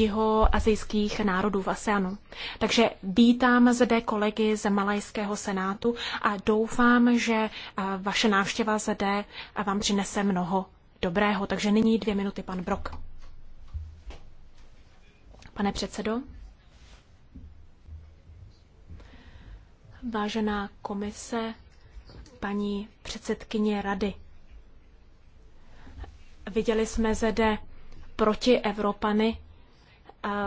jihoazijských národů v ASEANu. Takže vítám zde kolegy z Malajského senátu a doufám, že vaše návštěva zde vám přinese mnoho dobrého. Takže nyní dvě minuty, pan Brok. Pane předsedo, vážená komise, paní předsedkyně rady, viděli jsme zde proti Evropany,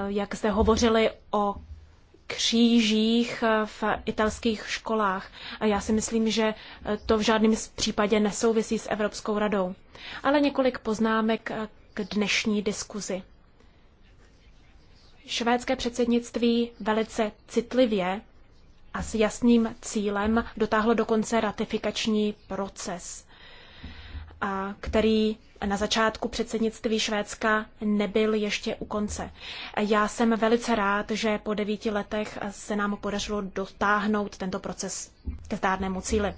jak jste hovořili o křížích v italských školách. Já si myslím, že to v žádném případě nesouvisí s Evropskou radou. Ale několik poznámek k dnešní diskuzi. Švédské předsednictví velice citlivě a s jasným cílem dotáhlo do konce ratifikační proces, který na začátku předsednictví Švédska nebyl ještě u konce. Já jsem velice rád, že po devíti letech se nám podařilo dotáhnout tento proces ke zdárnému cíli.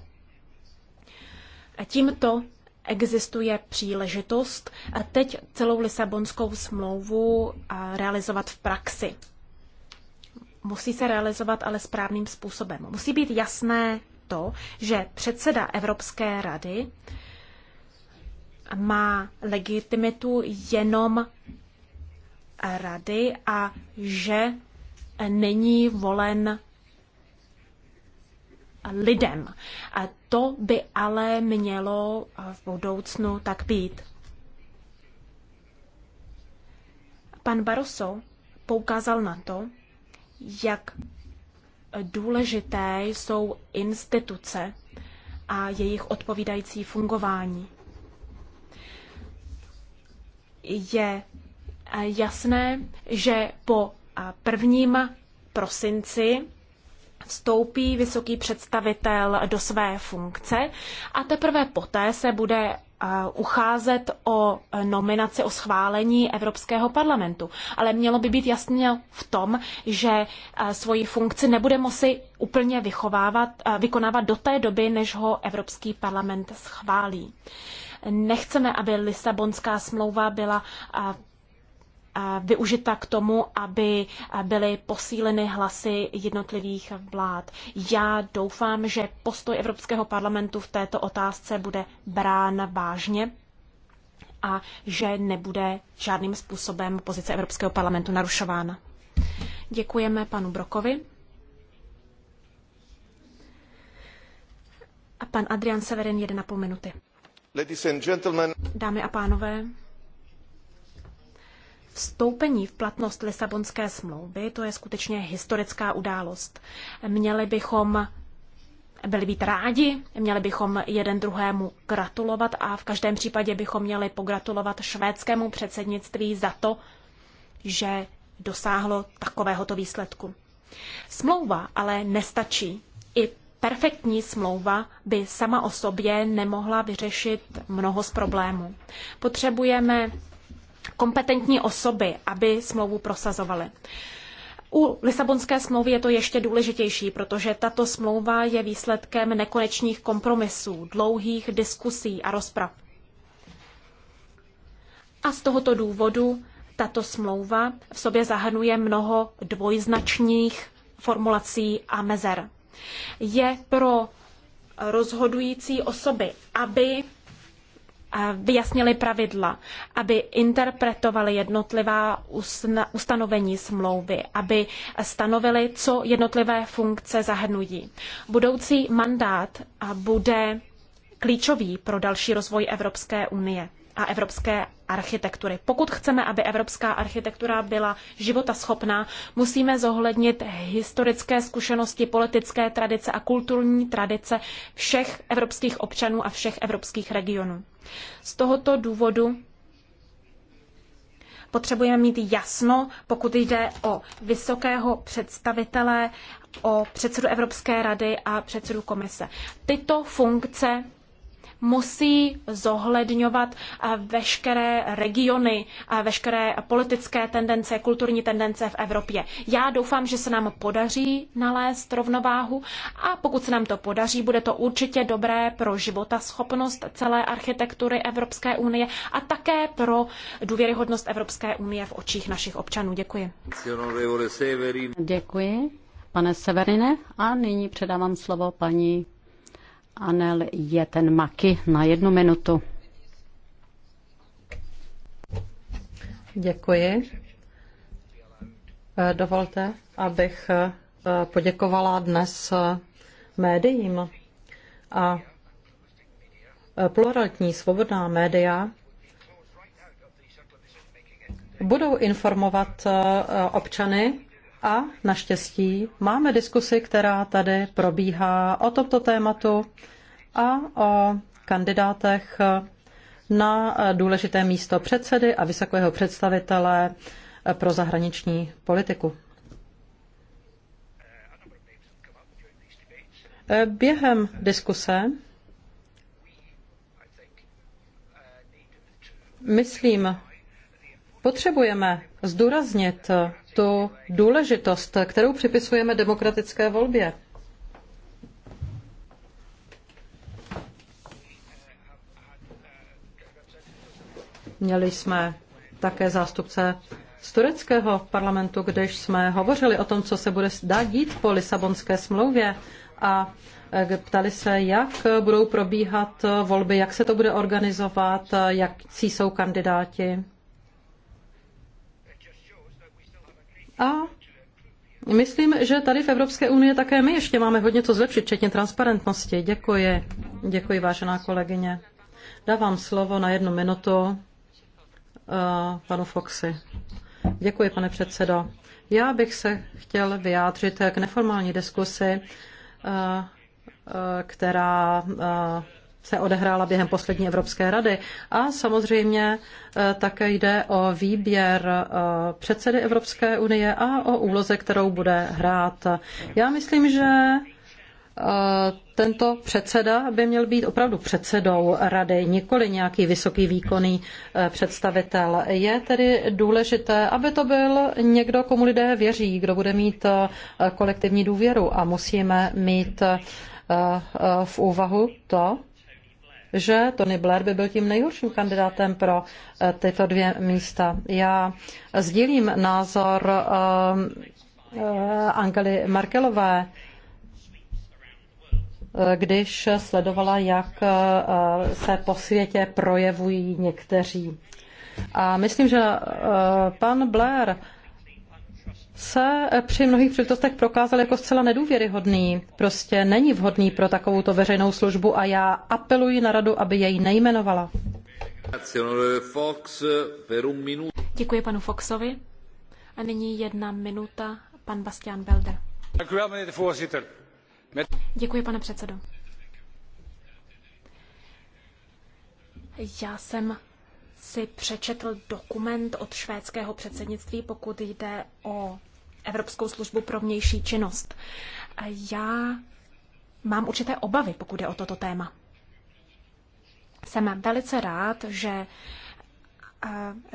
Tímto existuje příležitost teď celou Lisabonskou smlouvu realizovat v praxi. Musí se realizovat ale správným způsobem. Musí být jasné to, že předseda Evropské rady má legitimitu jenom rady a že není volen lidem. A to by ale mělo v budoucnu tak být. Pan Barroso poukázal na to, jak důležité jsou instituce a jejich odpovídající fungování je eh, jasné, že po eh, prvním prosinci vstoupí vysoký představitel do své funkce a teprve poté se bude eh, ucházet o nominaci, o schválení Evropského parlamentu. Ale mělo by být jasně v tom, že svoji funkci nebude moci úplně vychovávat, vykonávat do té doby, než ho Evropský parlament schválí. Nechceme, aby Lisabonská smlouva byla využita k tomu, aby byly posíleny hlasy jednotlivých vlád. Já doufám, že postoj Evropského parlamentu v této otázce bude brán vážně a že nebude žádným způsobem pozice Evropského parlamentu narušována. Děkujeme panu Brokovi. A pan Adrian Severin, 1,5 minuty. Dámy a pánové, Vstoupení v platnost Lisabonské smlouvy, to je skutečně historická událost. Měli bychom byli být rádi, měli bychom jeden druhému gratulovat a v každém případě bychom měli pogratulovat švédskému předsednictví za to, že dosáhlo takovéhoto výsledku. Smlouva ale nestačí. I perfektní smlouva by sama o sobě nemohla vyřešit mnoho z problémů. Potřebujeme kompetentní osoby, aby smlouvu prosazovaly. U Lisabonské smlouvy je to ještě důležitější, protože tato smlouva je výsledkem nekonečných kompromisů, dlouhých diskusí a rozprav. A z tohoto důvodu tato smlouva v sobě zahrnuje mnoho dvojznačných formulací a mezer je pro rozhodující osoby, aby vyjasnili pravidla, aby interpretovali jednotlivá ustanovení smlouvy, aby stanovili, co jednotlivé funkce zahrnují. Budoucí mandát bude klíčový pro další rozvoj Evropské unie a evropské architektury. Pokud chceme, aby evropská architektura byla životaschopná, musíme zohlednit historické zkušenosti, politické tradice a kulturní tradice všech evropských občanů a všech evropských regionů. Z tohoto důvodu potřebujeme mít jasno, pokud jde o vysokého představitele, o předsedu Evropské rady a předsedu komise. Tyto funkce musí zohledňovat veškeré regiony, veškeré politické tendence, kulturní tendence v Evropě. Já doufám, že se nám podaří nalézt rovnováhu a pokud se nám to podaří, bude to určitě dobré pro životaschopnost celé architektury Evropské unie a také pro důvěryhodnost Evropské unie v očích našich občanů. Děkuji. Děkuji, pane Severine. A nyní předávám slovo paní Anel je ten maky na jednu minutu. Děkuji. Dovolte, abych eh, poděkovala dnes eh, médiím a eh, pluralitní svobodná média budou informovat občany a naštěstí máme diskusi, která tady probíhá o tomto tématu a o kandidátech na důležité místo předsedy a vysokého představitele pro zahraniční politiku. Během diskuse myslím, potřebujeme zdůraznit tu důležitost, kterou připisujeme demokratické volbě. Měli jsme také zástupce z tureckého parlamentu, když jsme hovořili o tom, co se bude dít po Lisabonské smlouvě a e, ptali se, jak budou probíhat volby, jak se to bude organizovat, jak jsou kandidáti. A myslím, že tady v Evropské unii také my ještě máme hodně co zlepšit, včetně transparentnosti. Děkuji. Děkuji, vážená kolegyně. Dávám slovo na jednu minutu uh, panu Foxy. Děkuji, pane předsedo. Já bych se chtěl vyjádřit k neformální diskusi, uh, uh, která uh, se odehrála během poslední Evropské rady. A samozřejmě eh, také jde o výběr eh, předsedy Evropské unie a o úloze, kterou bude hrát. Já myslím, že eh, tento předseda by měl být opravdu předsedou rady, nikoli nějaký vysoký výkonný představitel. Je tedy důležité, aby to byl někdo, komu lidé věří, kdo bude mít kolektivní důvěru a musíme mít v úvahu to, že Tony Blair by byl tím nejhorším kandidátem pro eh, tyto dvě místa. Já sdílím názor eh, eh, Angely Merkelové, když sledovala, jak se po světě projevují někteří. A myslím, že pan Blair se při mnohých příležitostech prokázal jako zcela nedůvěryhodný. Prostě není vhodný pro takovouto veřejnou službu a já apeluji na radu, aby jej nejmenovala. Děkuji panu Foxovi. A nyní jedna minuta, pan Bastian Belde. Děkuji, pane předsedo. Já jsem si přečetl dokument od švédského předsednictví, pokud jde o Evropskou službu pro vnější činnost. Já mám určité obavy, pokud je o toto téma. Jsem velice rád, že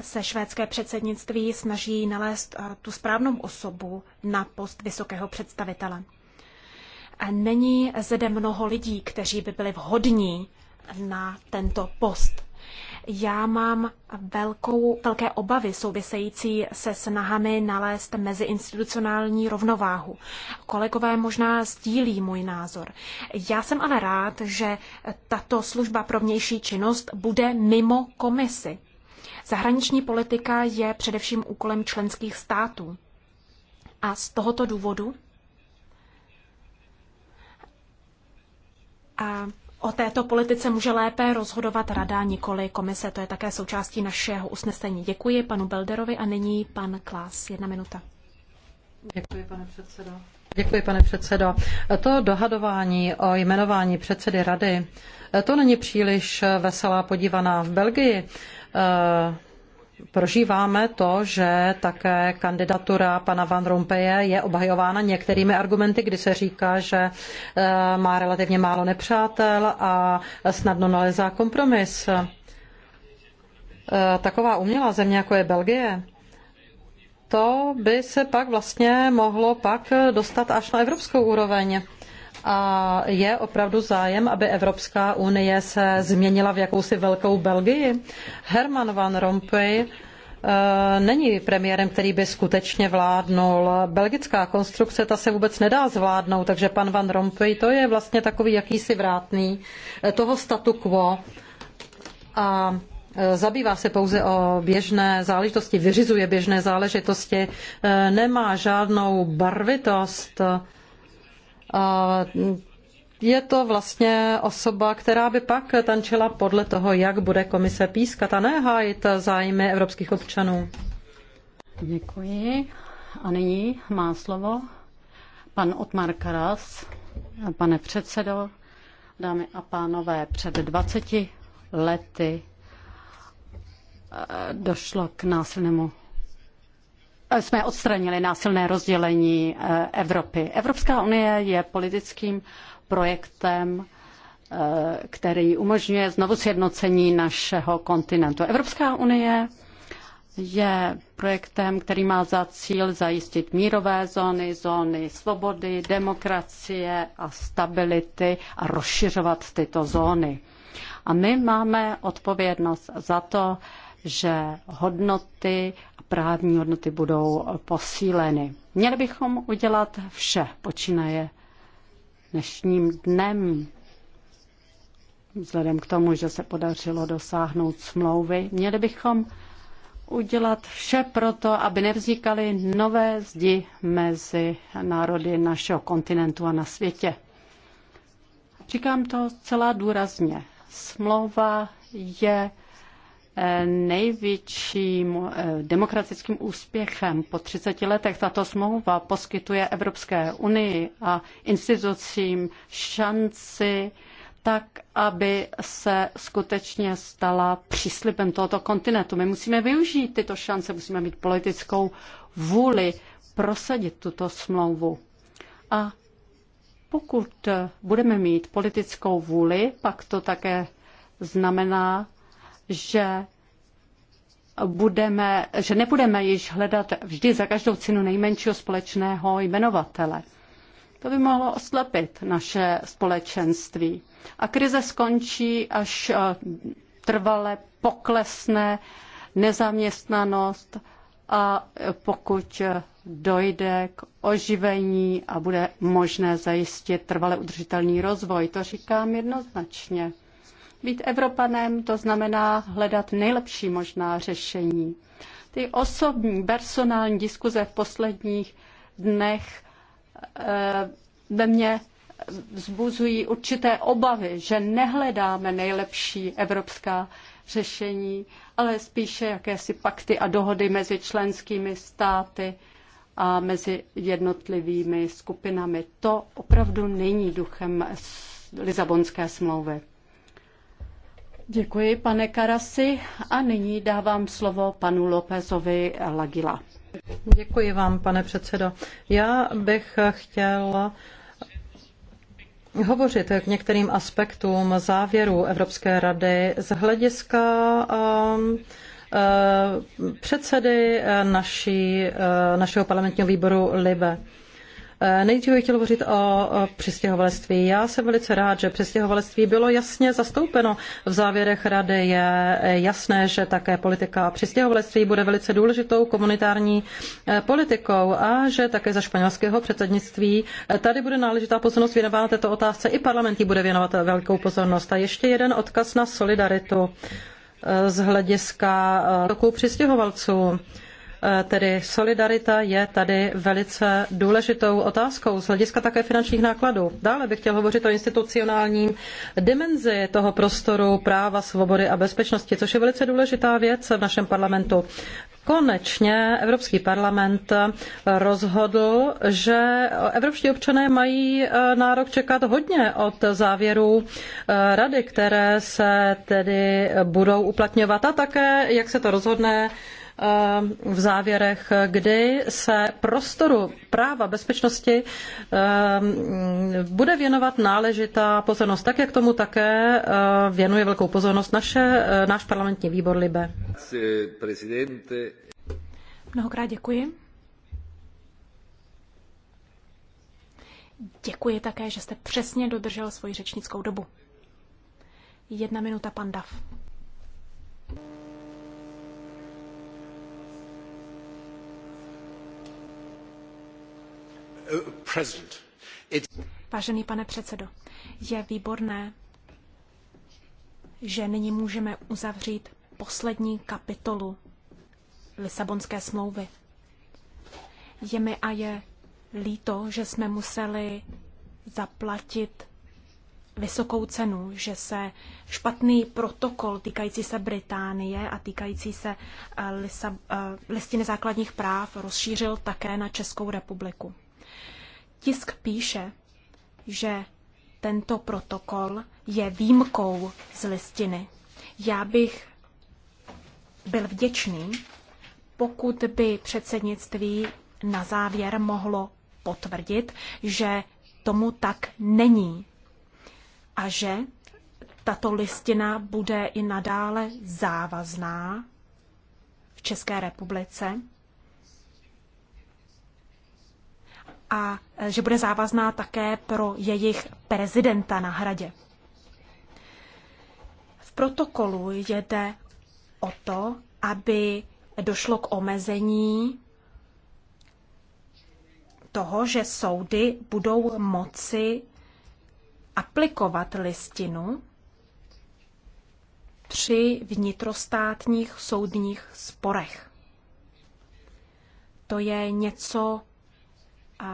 se švédské předsednictví snaží nalézt tu správnou osobu na post vysokého představitele. Není zde mnoho lidí, kteří by byli vhodní na tento post já mám velkou, velké obavy související se snahami nalézt meziinstitucionální rovnováhu. Kolegové možná sdílí můj názor. Já jsem ale rád, že tato služba pro vnější činnost bude mimo komisi. Zahraniční politika je především úkolem členských států. A z tohoto důvodu a O této politice může lépe rozhodovat rada, nikoli komise. To je také součástí našeho usnesení. Děkuji panu Belderovi a nyní pan Klás. Jedna minuta. Děkuji, pane předsedo. Děkuji, pane předsedo. To dohadování o jmenování předsedy rady, to není příliš veselá podívaná v Belgii prožíváme to, že také kandidatura pana Van Rompeje je obhajována některými argumenty, kdy se říká, že eh, má relativně málo nepřátel a snadno nalezá kompromis. Eh, taková umělá země, jako je Belgie, to by se pak vlastně mohlo pak dostat až na evropskou úroveň. A je opravdu zájem, aby Evropská unie se změnila v jakousi velkou Belgii? Herman Van Rompuy eh, není premiérem, který by skutečně vládnul. Belgická konstrukce, ta se vůbec nedá zvládnout, takže pan Van Rompuy, to je vlastně takový jakýsi vrátný eh, toho statu quo. A eh, zabývá se pouze o běžné záležitosti, vyřizuje běžné záležitosti, nemá žádnou barvitost, Eh, je to vlastně osoba, která by pak tančila podle toho, jak bude komise pískat a nehájit zájmy evropských občanů. Děkuji. A nyní má slovo pan Otmar Karas. Pane předsedo, dámy a pánové, před 20 lety eh, došlo k násilnému jsme odstranili násilné rozdělení eh, Evropy. Evropská unie je politickým projektem, eh, který umožňuje znovu sjednocení našeho kontinentu. Evropská unie je projektem, který má za cíl zajistit mírové zóny, zóny svobody, demokracie a stability a rozšiřovat tyto zóny. A my máme odpovědnost za to, že hodnoty právní hodnoty budou posíleny. Měli bychom udělat vše, počínaje dnešním dnem. Vzhledem k tomu, že se podařilo dosáhnout smlouvy, měli bychom udělat vše proto, aby nevznikaly nové zdi mezi národy našeho kontinentu a na světě. Říkám to celá důrazně. Smlouva je Eh, největším eh, demokratickým úspěchem po 30 letech. Tato smlouva poskytuje Evropské unii a institucím šanci tak, aby se skutečně stala příslipem tohoto kontinentu. My musíme využít tyto šance, musíme mít politickou vůli prosadit tuto smlouvu. A pokud budeme mít politickou vůli, pak to také znamená, že budeme, že nebudeme již hledat vždy za každou cenu nejmenšího společného jmenovatele. To by mohlo oslepit naše společenství. A krize skončí, až eh, trvale poklesne nezaměstnanost a pokud eh, dojde k oživení a bude možné zajistit trvale udržitelný rozvoj. To říkám jednoznačně. Být Evropanem to znamená hledat nejlepší možná řešení. Ty osobní, personální diskuze v posledních dnech eh, ve mně vzbuzují určité obavy, že nehledáme nejlepší evropská řešení, ale spíše jakési pakty a dohody mezi členskými státy a mezi jednotlivými skupinami. To opravdu není duchem Lisabonské smlouvy. Děkuji, pane Karasi. A nyní dávám slovo panu Lópezovi Lagila. Děkuji vám, pane předsedo. Já bych chtěl hovořit k některým aspektům závěru Evropské rady z hlediska um, uh, předsedy uh, naší, uh, našeho parlamentního výboru Libe. Eh, nejdříve bych chtěl hovořit o přistěhovalectví. Já jsem velice rád, že přistěhovalectví bylo jasně zastoupeno v závěrech rady. Je eh, jasné, že také politika přistěhovalectví bude velice důležitou komunitární eh, politikou a že také za španělského předsednictví tady bude náležitá pozornost věnována této otázce. I parlament jí bude věnovat velkou pozornost. A ještě jeden odkaz na solidaritu z hlediska roku přistěhovalců. Eh, tedy solidarita je tady velice důležitou otázkou z hlediska také finančních nákladů. Dále bych chtěl hovořit o institucionální dimenzi toho prostoru práva, svobody a bezpečnosti, což je velice důležitá věc v našem parlamentu. Konečně Evropský parlament rozhodl, že evropští občané mají eh, nárok čekat hodně od závěrů eh, rady, které se tedy budou uplatňovat a také, jak se to rozhodne, v závěrech, kdy se prostoru práva bezpečnosti ehm, bude věnovat náležitá pozornost, tak jak tomu také ehm, věnuje velkou pozornost naše, eh, náš parlamentní výbor Libe. Mnohokrát děkuji. Děkuji také, že jste přesně dodržel svoji řečnickou dobu. Jedna minuta, pan Dav. Vážený pane předsedo, je výborné, že nyní můžeme uzavřít poslední kapitolu Lisabonské smlouvy. Je mi a je líto, že jsme museli zaplatit vysokou cenu, že se špatný protokol týkající se Británie a týkající se eh, lisa, eh, listiny základních práv rozšířil také na Českou republiku. Tisk píše, že tento protokol je výjimkou z listiny. Já bych byl vděčný, pokud by předsednictví na závěr mohlo potvrdit, že tomu tak není a že tato listina bude i nadále závazná v České republice a e, že bude závazná také pro jejich prezidenta na hradě. V protokolu jde o to, aby došlo k omezení toho, že soudy budou moci aplikovat listinu při vnitrostátních soudních sporech. To je něco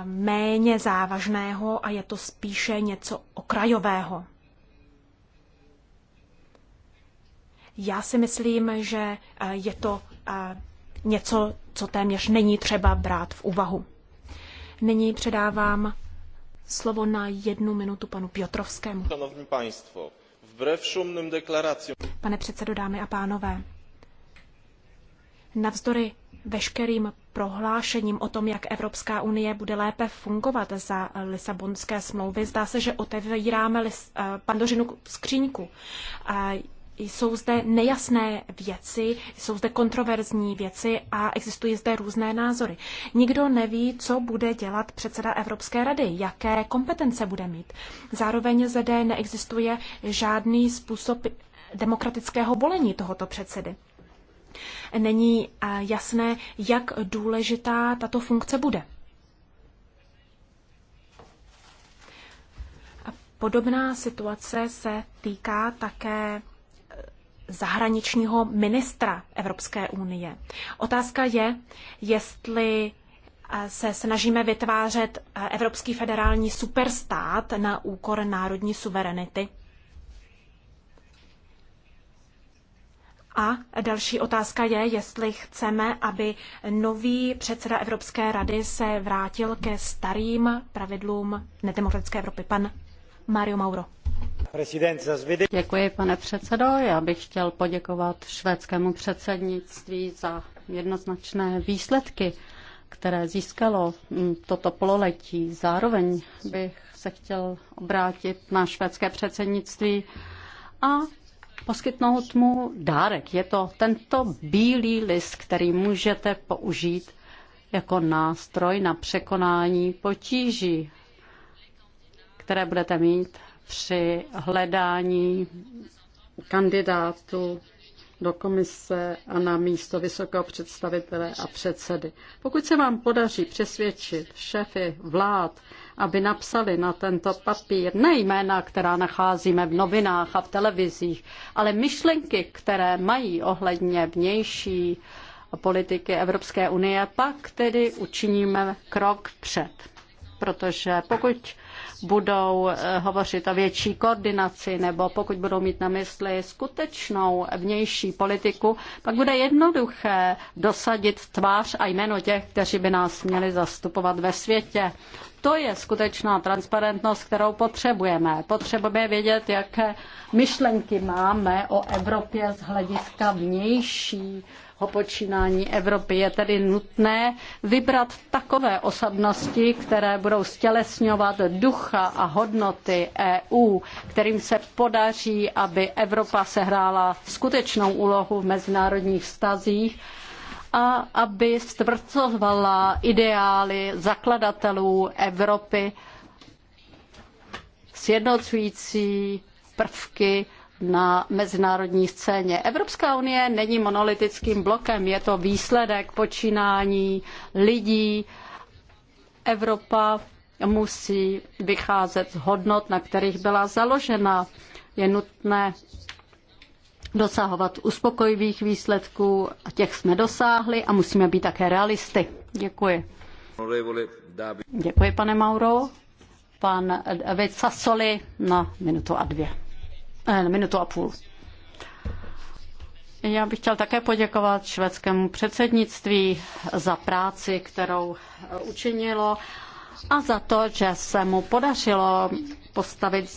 méně závažného a je to spíše něco okrajového. Já si myslím, že eh, je to eh, něco, co téměř není třeba brát v úvahu. Nyní předávám slovo na jednu minutu panu Piotrovskému. Pane předsedo, dámy a pánové, navzdory veškerým prohlášením o tom, jak Evropská unie bude lépe fungovat za Lisabonské smlouvy. Zdá se, že otevíráme lis, eh, pandořinu skříňku. Eh, jsou zde nejasné věci, jsou zde kontroverzní věci a existují zde různé názory. Nikdo neví, co bude dělat předseda Evropské rady, jaké kompetence bude mít. Zároveň zde neexistuje žádný způsob demokratického volení tohoto předsedy není eh, jasné, jak důležitá tato funkce bude. Podobná situace se týká také eh, zahraničního ministra Evropské unie. Otázka je, jestli eh, se snažíme vytvářet evropský federální superstát na úkor národní suverenity A další otázka je, jestli chceme, aby nový předseda Evropské rady se vrátil ke starým pravidlům nedemokratické Evropy. Pan Mario Mauro. Děkuji, pane předsedo. Já bych chtěl poděkovat švédskému předsednictví za jednoznačné výsledky, které získalo mm, toto pololetí. Zároveň bych se chtěl obrátit na švédské předsednictví a poskytnout mu dárek. Je to tento bílý list, který můžete použít jako nástroj na překonání potíží, které budete mít při hledání kandidátu do komise a na místo vysokého představitele a předsedy. Pokud se vám podaří přesvědčit šéfy vlád, aby napsali na tento papír nejména, která nacházíme v novinách a v televizích, ale myšlenky, které mají ohledně vnější politiky Evropské unie, pak tedy učiníme krok před. Protože pokud budou eh, hovořit o větší koordinaci nebo pokud budou mít na mysli skutečnou vnější politiku, pak bude jednoduché dosadit tvář a jméno těch, kteří by nás měli zastupovat ve světě. To je skutečná transparentnost, kterou potřebujeme. Potřebujeme vědět, jaké myšlenky máme o Evropě z hlediska vnější o počínání Evropy. Je tedy nutné vybrat takové osobnosti, které budou stělesňovat duch ducha a hodnoty EU, kterým se podaří, aby Evropa sehrála skutečnou úlohu v mezinárodních vztazích a aby stvrcovala ideály zakladatelů Evropy, sjednocující prvky na mezinárodní scéně. Evropská unie není monolitickým blokem, je to výsledek počínání lidí. Evropa musí vycházet z hodnot, na kterých byla založena. Je nutné dosahovat uspokojivých výsledků a těch jsme dosáhli a musíme být také realisty. Děkuji. Děkuji, pane Mauro. Pan David Sassoli na minutu a dvě. Eh, minutu a půl. Já bych chtěl také poděkovat švédskému předsednictví za práci, kterou učinilo a za to, že se mu podařilo postavit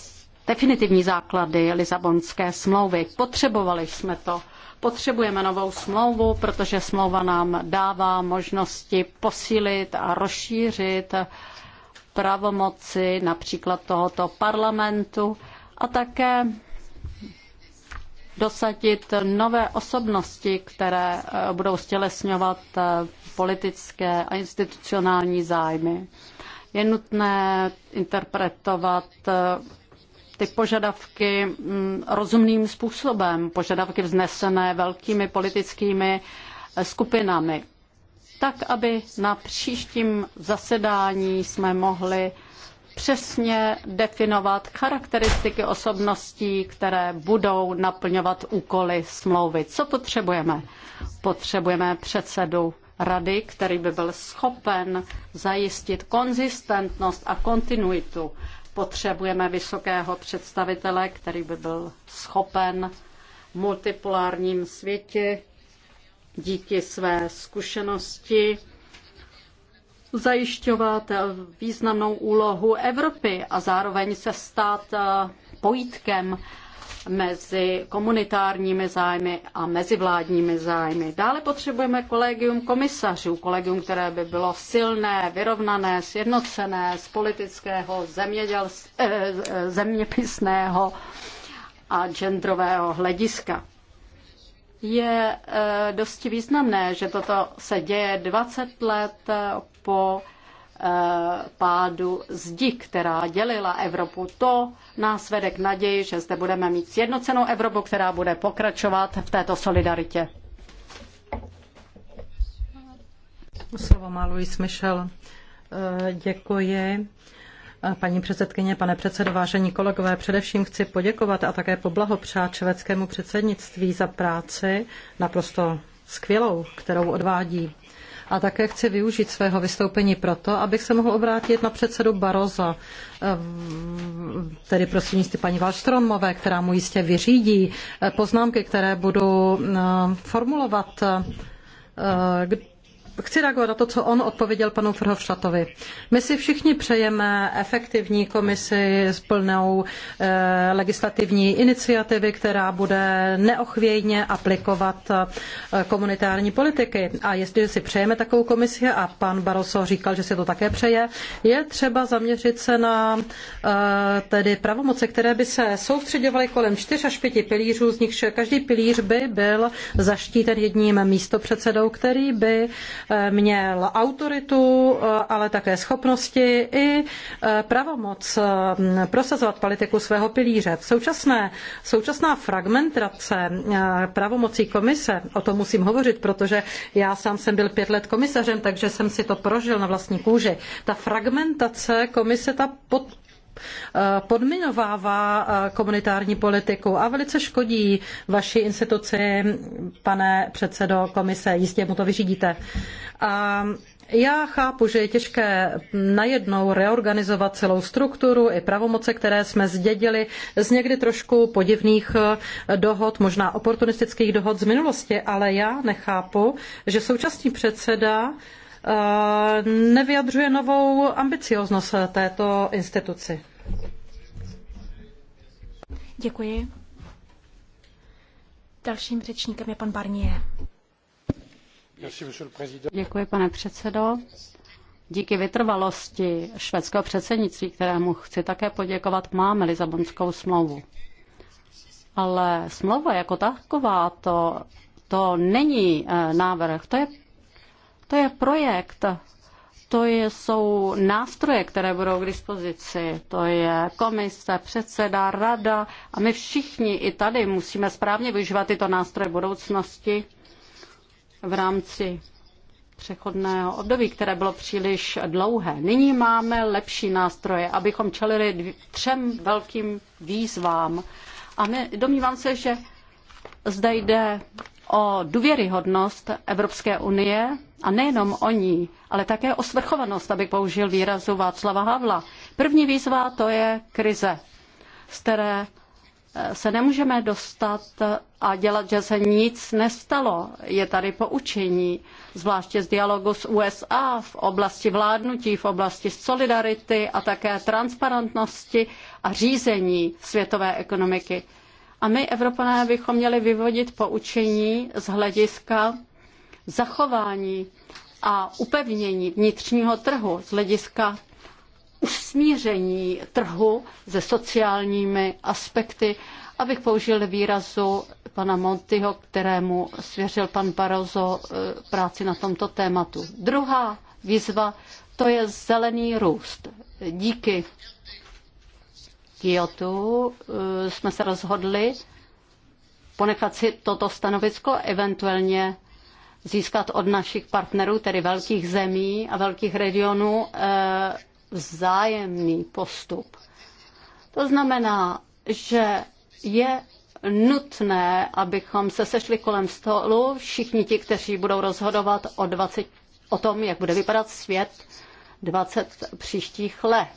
definitivní základy Lisabonské smlouvy. Potřebovali jsme to. Potřebujeme novou smlouvu, protože smlouva nám dává možnosti posílit a rozšířit pravomoci například tohoto parlamentu a také dosadit nové osobnosti, které eh, budou stělesňovat eh, politické a institucionální zájmy. Je nutné interpretovat eh, ty požadavky mm, rozumným způsobem, požadavky vznesené velkými politickými eh, skupinami, tak aby na příštím zasedání jsme mohli přesně definovat charakteristiky osobností, které budou naplňovat úkoly smlouvy. Co potřebujeme? Potřebujeme předsedu rady, který by byl schopen zajistit konzistentnost a kontinuitu. Potřebujeme vysokého představitele, který by byl schopen v multipolárním světě díky své zkušenosti zajišťovat významnou úlohu Evropy a zároveň se stát pojítkem mezi komunitárními zájmy a mezivládními zájmy. Dále potřebujeme kolegium komisařů, kolegium, které by bylo silné, vyrovnané, sjednocené z politického, eh, eh, zeměpisného a genderového hlediska. Je eh, dosti významné, že toto se děje 20 let po pádu zdi, která dělila Evropu. To nás vede k naději, že zde budeme mít sjednocenou Evropu, která bude pokračovat v této solidaritě. Slovo má Luis Michel. Eh, děkuji. Eh, paní předsedkyně, pane předsedo, vážení kolegové, především chci poděkovat a také poblahopřát švédskému předsednictví za práci naprosto skvělou, kterou odvádí. A také chci využít svého vystoupení proto, abych se mohl obrátit na předsedu Baroza, ehm, tedy prostřednictvím paní Valštromové, která mu jistě vyřídí eh, poznámky, které budu ehm, formulovat eh, chci reagovat na to, co on odpověděl panu Frhofštatovi. My si všichni přejeme efektivní komisi s plnou eh, legislativní iniciativy, která bude neochvějně aplikovat eh, komunitární politiky. A jestliže si přejeme takovou komisi, a pan Barroso říkal, že si to také přeje, je třeba zaměřit se na eh, tedy pravomoce, které by se soustředovaly kolem čtyř až pěti pilířů, z nichž každý pilíř by byl zaštíten jedním místopředsedou, který by měl autoritu, eh, ale také schopnosti i eh, pravomoc eh, prosazovat politiku svého pilíře. V současné, současná fragmentace pravomocí komise, o tom musím hovořit, protože já sám jsem byl pět let komisařem, takže jsem si to prožil na vlastní kůži. Ta fragmentace komise ta pod Eh, podminovává eh, komunitární politiku a velice škodí vaší instituci, pane předsedo komise, jistě mu to vyřídíte. A já chápu, že je těžké najednou reorganizovat celou strukturu i pravomoce, které jsme zdědili z někdy trošku podivných eh, dohod, možná oportunistických dohod z minulosti, ale já nechápu, že současný předseda Eh, nevyjadřuje novou ambicioznost této instituci. Děkuji. Dalším řečníkem je pan Barnier. Děkuji, pane předsedo. Díky vytrvalosti švédského předsednictví, kterému chci také poděkovat, máme Lizabonskou smlouvu. Ale smlouva jako taková to, to není eh, návrh, to je to je projekt, to jsou nástroje, které budou k dispozici. To je komise, předseda, rada a my všichni i tady musíme správně využívat tyto nástroje budoucnosti v rámci přechodného období, které bylo příliš dlouhé. Nyní máme lepší nástroje, abychom čelili třem velkým výzvám. A my, domnívám se, že zde jde o důvěryhodnost Evropské unie, a nejenom o ní, ale také o svrchovanost, abych použil výrazu Václava Havla. První výzva to je krize, z které eh, se nemůžeme dostat a dělat, že se nic nestalo. Je tady poučení, zvláště z dialogu s USA v oblasti vládnutí, v oblasti solidarity a také transparentnosti a řízení světové ekonomiky. A my, Evropané, bychom měli vyvodit poučení z hlediska zachování a upevnění vnitřního trhu z hlediska usmíření trhu se sociálními aspekty, abych použil výrazu pana Montyho, kterému svěřil pan Barozo eh, práci na tomto tématu. Druhá výzva to je zelený růst. Díky Kyoto eh, jsme se rozhodli ponechat si toto stanovisko, eventuálně získat od našich partnerů, tedy velkých zemí a velkých regionů, eh, vzájemný postup. To znamená, že je nutné, abychom se sešli kolem stolu, všichni ti, kteří budou rozhodovat o, 20, o tom, jak bude vypadat svět 20 příštích let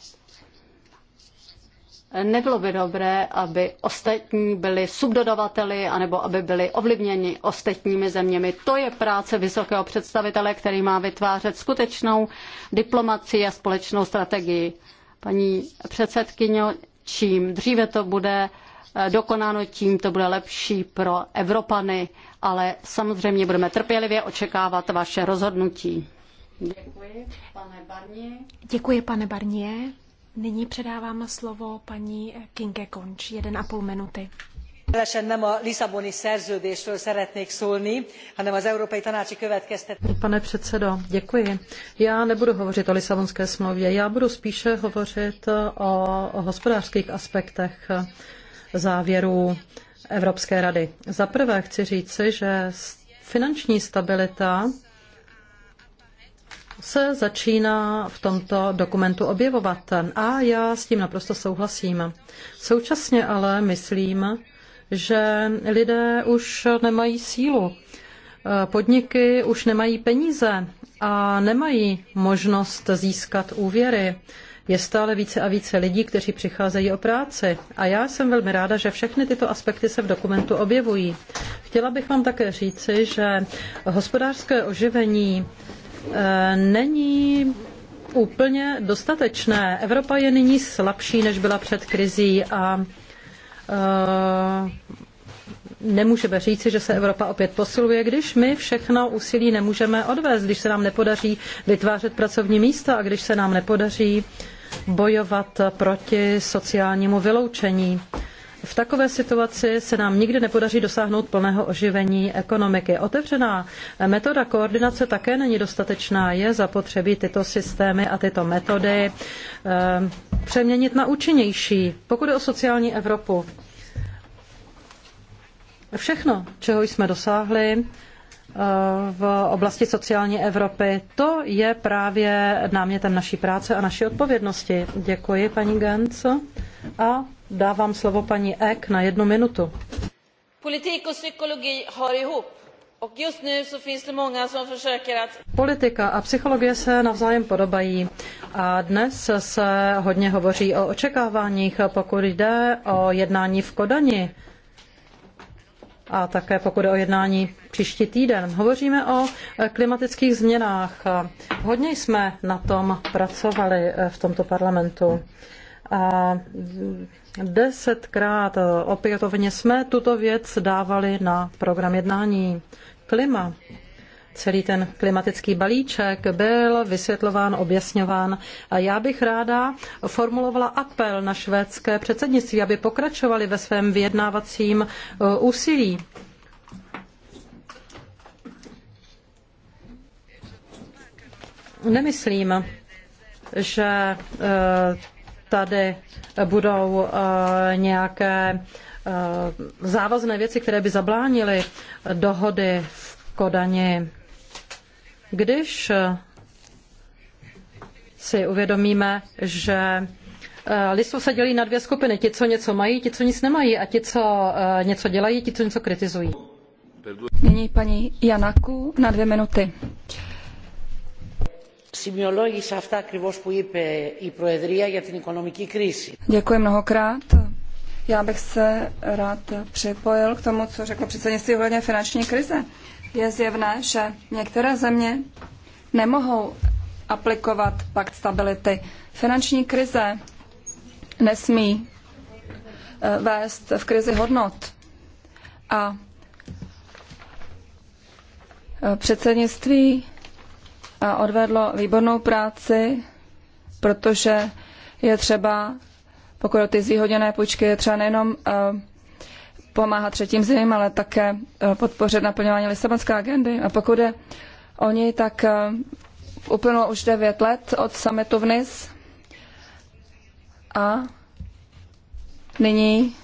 nebylo by dobré, aby ostatní byli subdodavateli anebo aby byli ovlivněni ostatními zeměmi. To je práce vysokého představitele, který má vytvářet skutečnou diplomacii a společnou strategii. Paní předsedkyně, čím dříve to bude eh, dokonáno, tím to bude lepší pro Evropany, ale samozřejmě budeme trpělivě očekávat vaše rozhodnutí. Děkuji, pane Barnier. Děkuji, pane Barnier. Nyní předávám slovo paní Kinke Konč, jeden a půl minuty. nem a Lisszaboni szerződésről szeretnék szólni, hanem az Európai Tanácsi következtetés. Pane předsedo, děkuji. Já nebudu hovořit o Lisabonské smlouvě, já budu spíše hovořit o, o hospodářských aspektech závěrů Evropské rady. Za prvé chci říci, že finanční stabilita se začíná v tomto dokumentu objevovat. A já s tím naprosto souhlasím. Současně ale myslím, že lidé už nemají sílu. Podniky už nemají peníze a nemají možnost získat úvěry. Je stále více a více lidí, kteří přicházejí o práci. A já jsem velmi ráda, že všechny tyto aspekty se v dokumentu objevují. Chtěla bych vám také říci, že hospodářské oživení Eh, není úplně dostatečné. Evropa je nyní slabší, než byla před krizí a eh, nemůžeme říci, že se Evropa opět posiluje, když my všechno úsilí nemůžeme odvést, když se nám nepodaří vytvářet pracovní místa a když se nám nepodaří bojovat proti sociálnímu vyloučení. V takové situaci se nám nikdy nepodaří dosáhnout plného oživení ekonomiky. Otevřená metoda koordinace také není dostatečná. Je zapotřebí tyto systémy a tyto metody eh, přeměnit na účinnější. Pokud je o sociální Evropu, všechno, čeho jsme dosáhli, eh, v oblasti sociální Evropy. To je právě námětem naší práce a naší odpovědnosti. Děkuji, paní Genco. A dávám slovo paní Ek na jednu minutu. Politik Politika a psychologie se navzájem podobají a dnes se hodně hovoří o očekáváních, pokud jde o jednání v Kodani a také pokud jde o jednání příští týden. Hovoříme o klimatických změnách. Hodně jsme na tom pracovali v tomto parlamentu. A desetkrát opětovně jsme tuto věc dávali na program jednání. Klima. Celý ten klimatický balíček byl vysvětlován, objasňován. A já bych ráda formulovala apel na švédské předsednictví, aby pokračovali ve svém vyjednávacím e, úsilí. Nemyslím, že e, tady budou eh, nějaké eh, závazné věci, které by zablánily eh, dohody v Kodani. Když si uvědomíme, že listov se dělí na dvě skupiny. Ti, co něco mají, ti, co nic nemají a ti, co něco dělají, ti, co něco kritizují. Nyní paní Janaku na dvě minuty. Σημειολόγησα αυτά ακριβώς που είπε η Προεδρία για την οικονομική κρίση. Děkuji mnohokrát. Já bych se rád připojil k tomu, co řekl předsednictví ohledně finanční krize. Je zjevné, že některé země nemohou aplikovat pakt stability. Finanční krize nesmí eh, vést v krizi hodnot. A eh, předsednictví odvedlo výbornou práci, protože je třeba, pokud o ty zvýhodněné půjčky, je třeba nejenom eh, pomáhat třetím zemím, ale také eh, podpořit naplňování Lisabonské agendy. A pokud je o ní, tak eh, uplynulo už 9 let od summitu v NIS a nyní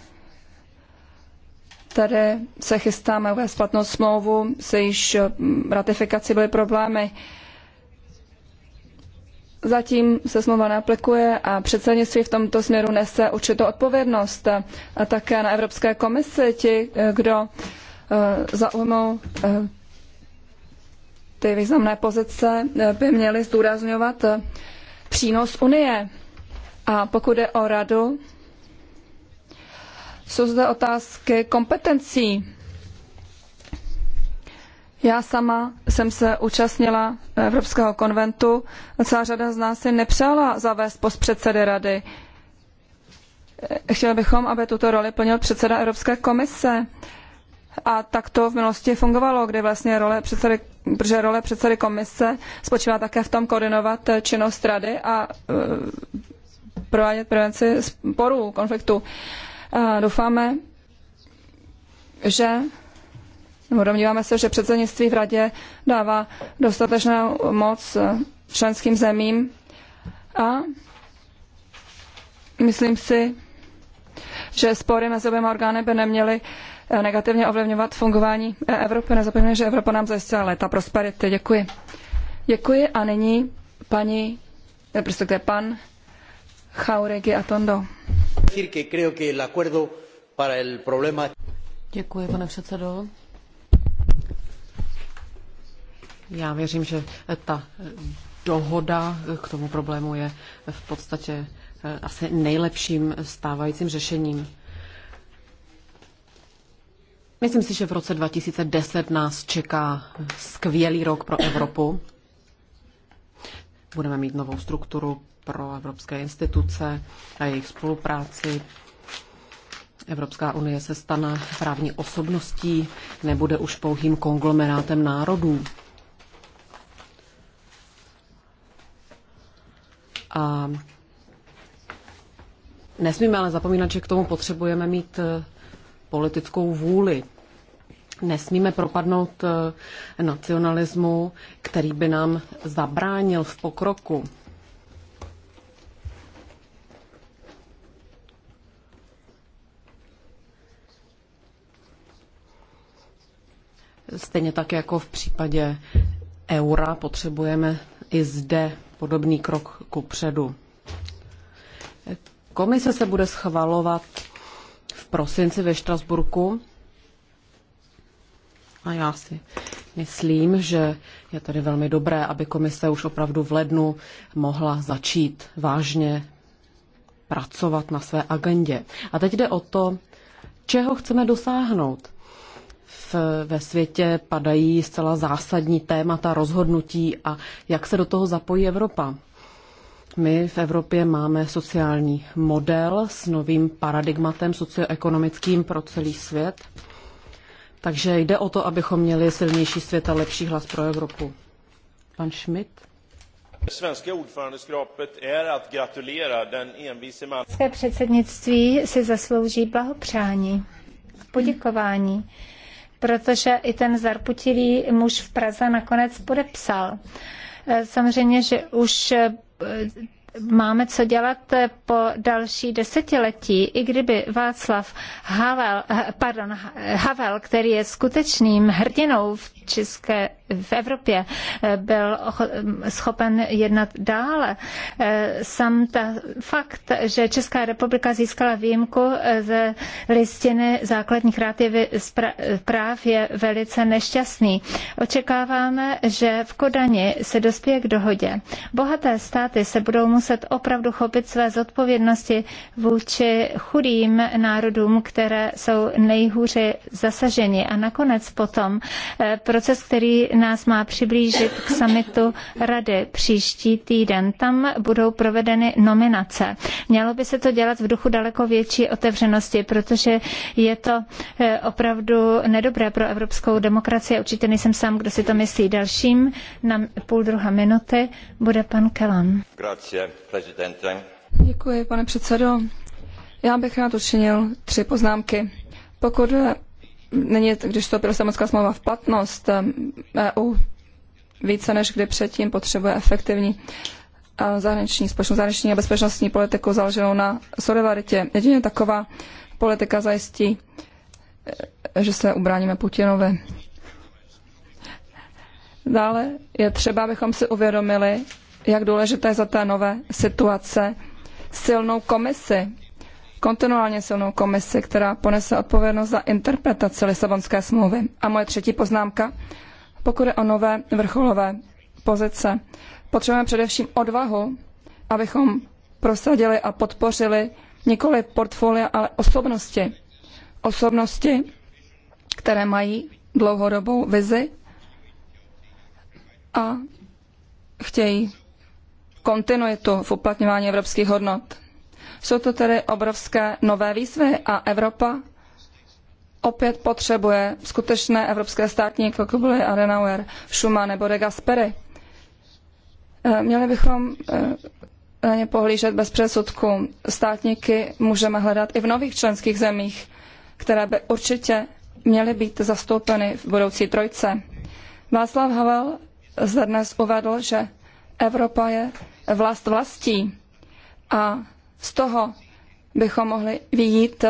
tady se chystáme uvést platnou smlouvu, se již ratifikaci byly problémy. Uh, Zatím se smlouva neaplikuje a předsednictví v tomto směru nese určitou odpovědnost. A také na Evropské komisi ti, eh, kdo eh, zaujmou eh, ty významné pozice, by měli zdůrazňovat přínos Unie. A pokud je o radu, jsou zde otázky kompetencí já sama jsem se účastnila Evropského konventu a celá řada z nás si nepřála zavést post předsedy rady. Chtěli bychom, aby tuto roli plnil předseda Evropské komise. A tak to v minulosti fungovalo, kdy vlastně role předsedy, protože role předsedy komise spočívá také v tom koordinovat činnost rady a e, provádět prevenci sporů, konfliktů. E, doufáme, že nebo domníváme se, že předsednictví v radě dává dostatečnou moc eh, členským zemím a myslím si, že spory mezi oběma orgány by neměly eh, negativně ovlivňovat fungování eh, Evropy. Nezapomeňme, že Evropa nám zajistila léta prosperity. Děkuji. Děkuji a nyní paní, respektive pan Jauregui Atondo. Děkuji, pane předsedo. Já věřím, že ta dohoda k tomu problému je v podstatě eh, asi nejlepším stávajícím řešením. Myslím si, že v roce 2010 nás čeká skvělý rok pro Evropu. Budeme mít novou strukturu pro evropské instituce a jejich spolupráci. Evropská unie se stane právní osobností, nebude už pouhým konglomerátem národů. A nesmíme ale zapomínat, že k tomu potřebujeme mít eh, politickou vůli. Nesmíme propadnout eh, nacionalismu, který by nám zabránil v pokroku. Stejně tak jako v případě eura potřebujeme i zde podobný krok ku předu. Komise se bude schvalovat v prosinci ve Štrasburku a já si myslím, že je tady velmi dobré, aby komise už opravdu v lednu mohla začít vážně pracovat na své agendě. A teď jde o to, čeho chceme dosáhnout ve světě padají zcela zásadní témata, rozhodnutí a jak se do toho zapojí Evropa. My v Evropě máme sociální model s novým paradigmatem socioekonomickým pro celý svět. Takže jde o to, abychom měli silnější svět a lepší hlas pro Evropu. Pan Schmidt? Své předsednictví si zaslouží blahopřání, poděkování protože i ten zarputilý muž v Praze nakonec podepsal. Eh, samozřejmě, že už eh, máme co dělat eh, po další desetiletí. I kdyby Václav Havel, pardon, Havel, který je skutečným hrdinou v České, v Evropě eh, byl mm, schopen jednat dále. Eh, sam ta fakt, že Česká republika získala výjimku eh, ze listiny základních rád práv je velice nešťastný. Očekáváme, že v Kodani se dospěje k dohodě. Bohaté státy se budou muset opravdu chopit své zodpovědnosti vůči chudým národům, které jsou nejhůře zasaženi. A nakonec potom pro proces, který nás má přiblížit k samitu Rady příští týden. Tam budou provedeny nominace. Mělo by se to dělat v duchu daleko větší otevřenosti, protože je to eh, opravdu nedobré pro evropskou demokracii. Určitě nejsem sám, kdo si to myslí. Dalším na půl druhá minuty bude pan Kelan. Děkuji, pane předsedo. Já bych rád učinil tři poznámky. Pokud Není, když vstoupila samotná smlouva v platnost, EU eh, e více než kdy předtím potřebuje efektivní eh, zahraniční, společnou zahraniční a bezpečnostní politiku založenou na solidaritě. Jedině taková politika zajistí, eh, že se ubráníme Putinovi. Dále je třeba, abychom si uvědomili, jak důležité je za té nové situace silnou komisi, kontinuálně silnou komisi, která ponese odpovědnost za interpretaci Lisabonské smlouvy. A moje třetí poznámka, pokud je o nové vrcholové pozice, potřebujeme především odvahu, abychom prosadili a podpořili nikoli portfolia, ale osobnosti. Osobnosti, které mají dlouhodobou vizi a chtějí kontinuitu v uplatňování evropských hodnot. Jsou to tedy obrovské nové výzvy a Evropa opět potřebuje skutečné evropské státníky, jako byly Adenauer, Schumann nebo de Gasperi. Eh, měli bychom eh, na ně pohlížet bez přesudku. Státníky můžeme hledat i v nových členských zemích, které by určitě měly být zastoupeny v budoucí trojce. Václav Havel zde dnes uvedl, že Evropa je vlast vlastí a z toho bychom mohli vyjít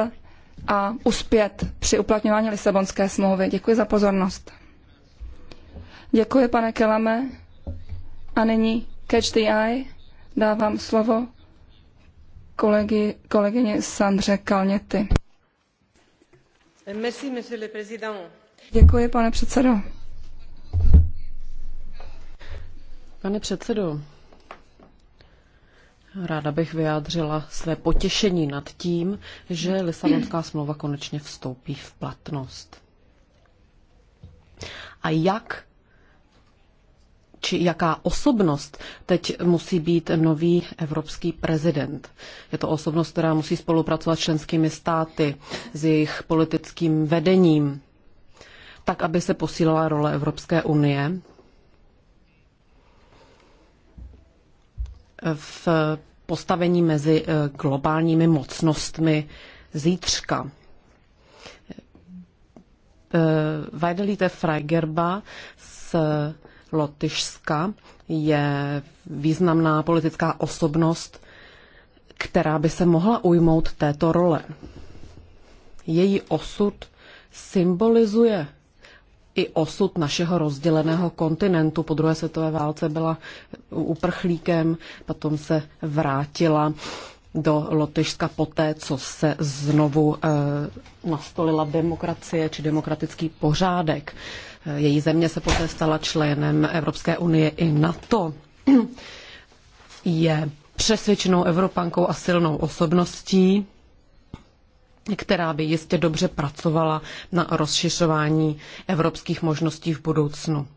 a uspět při uplatňování Lisabonské smlouvy. Děkuji za pozornost. Děkuji, pane Kelame. A nyní Catch the Eye. Dávám slovo kolegy, kolegyně Sandře Kalněty. Merci, monsieur le président. Děkuji, pane předsedo. Pane předsedo, Ráda bych vyjádřila své potěšení nad tím, že Lisabonská smlouva konečně vstoupí v platnost. A jak či jaká osobnost teď musí být nový evropský prezident. Je to osobnost, která musí spolupracovat s členskými státy, s jejich politickým vedením, tak, aby se posílila role Evropské unie v postavení mezi eh, globálními mocnostmi zítřka. Eh, Vajdelíte Freigerba z Lotyšska je významná politická osobnost, která by se mohla ujmout této role. Její osud symbolizuje i osud našeho rozděleného kontinentu. Po druhé světové válce byla uprchlíkem, potom se vrátila do Lotyšska poté, co se znovu e, nastolila demokracie či demokratický pořádek. Eh, její země se poté stala členem Evropské unie i NATO. Je přesvědčenou Evropankou a silnou osobností která by jistě dobře pracovala na rozšiřování evropských možností v budoucnu.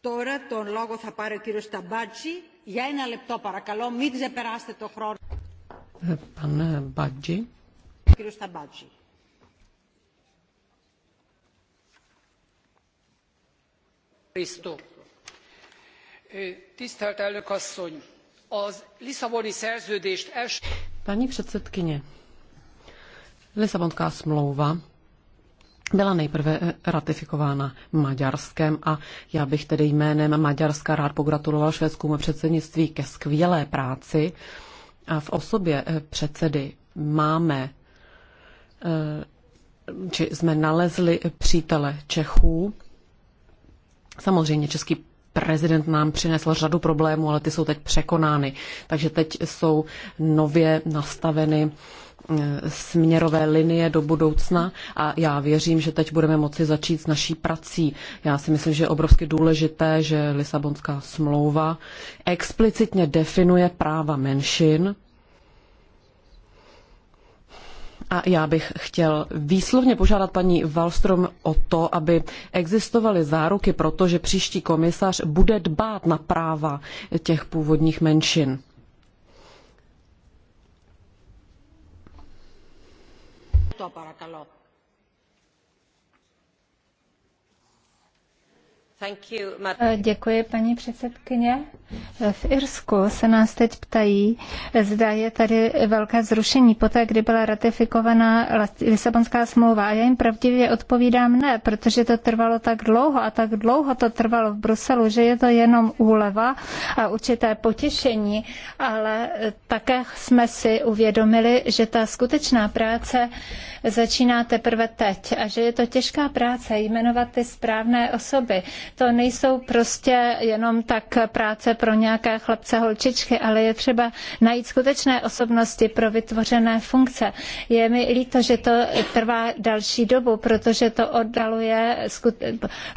Τώρα τον Tisztelt elnök asszony, az Lisszaboni szerződést első... Paní předsedkyně, Lisabonská smlouva byla nejprve eh, ratifikována Maďarskem a já bych tedy jménem Maďarska rád pogratuloval švédskému předsednictví ke skvělé práci. A v osobě eh, předsedy máme, eh, či jsme nalezli přítele Čechů. Samozřejmě Český prezident nám přinesl řadu problémů, ale ty jsou teď překonány. Takže teď jsou nově nastaveny eh, směrové linie do budoucna a já věřím, že teď budeme moci začít s naší prací. Já si myslím, že je obrovsky důležité, že Lisabonská smlouva explicitně definuje práva menšin a já bych chtěl výslovně požádat paní Wallström o to, aby existovaly záruky, protože příští komisař bude dbát na práva těch původních menšin. To Eh, děkuji, paní předsedkyně. Eh, v Irsku se nás teď ptají, zda je tady velké zrušení poté, kdy byla ratifikovaná Lisabonská smlouva. A já jim pravdivě odpovídám ne, protože to trvalo tak dlouho a tak dlouho to trvalo v Bruselu, že je to jenom úleva a určité potěšení, ale eh, také jsme si uvědomili, že ta skutečná práce začíná teprve teď a že je to těžká práce jmenovat ty správné osoby. To nejsou prostě jenom tak práce pro nějaké chlapce holčičky, ale je třeba najít skutečné osobnosti pro vytvořené funkce. Je mi líto, že to trvá další dobu, protože to oddaluje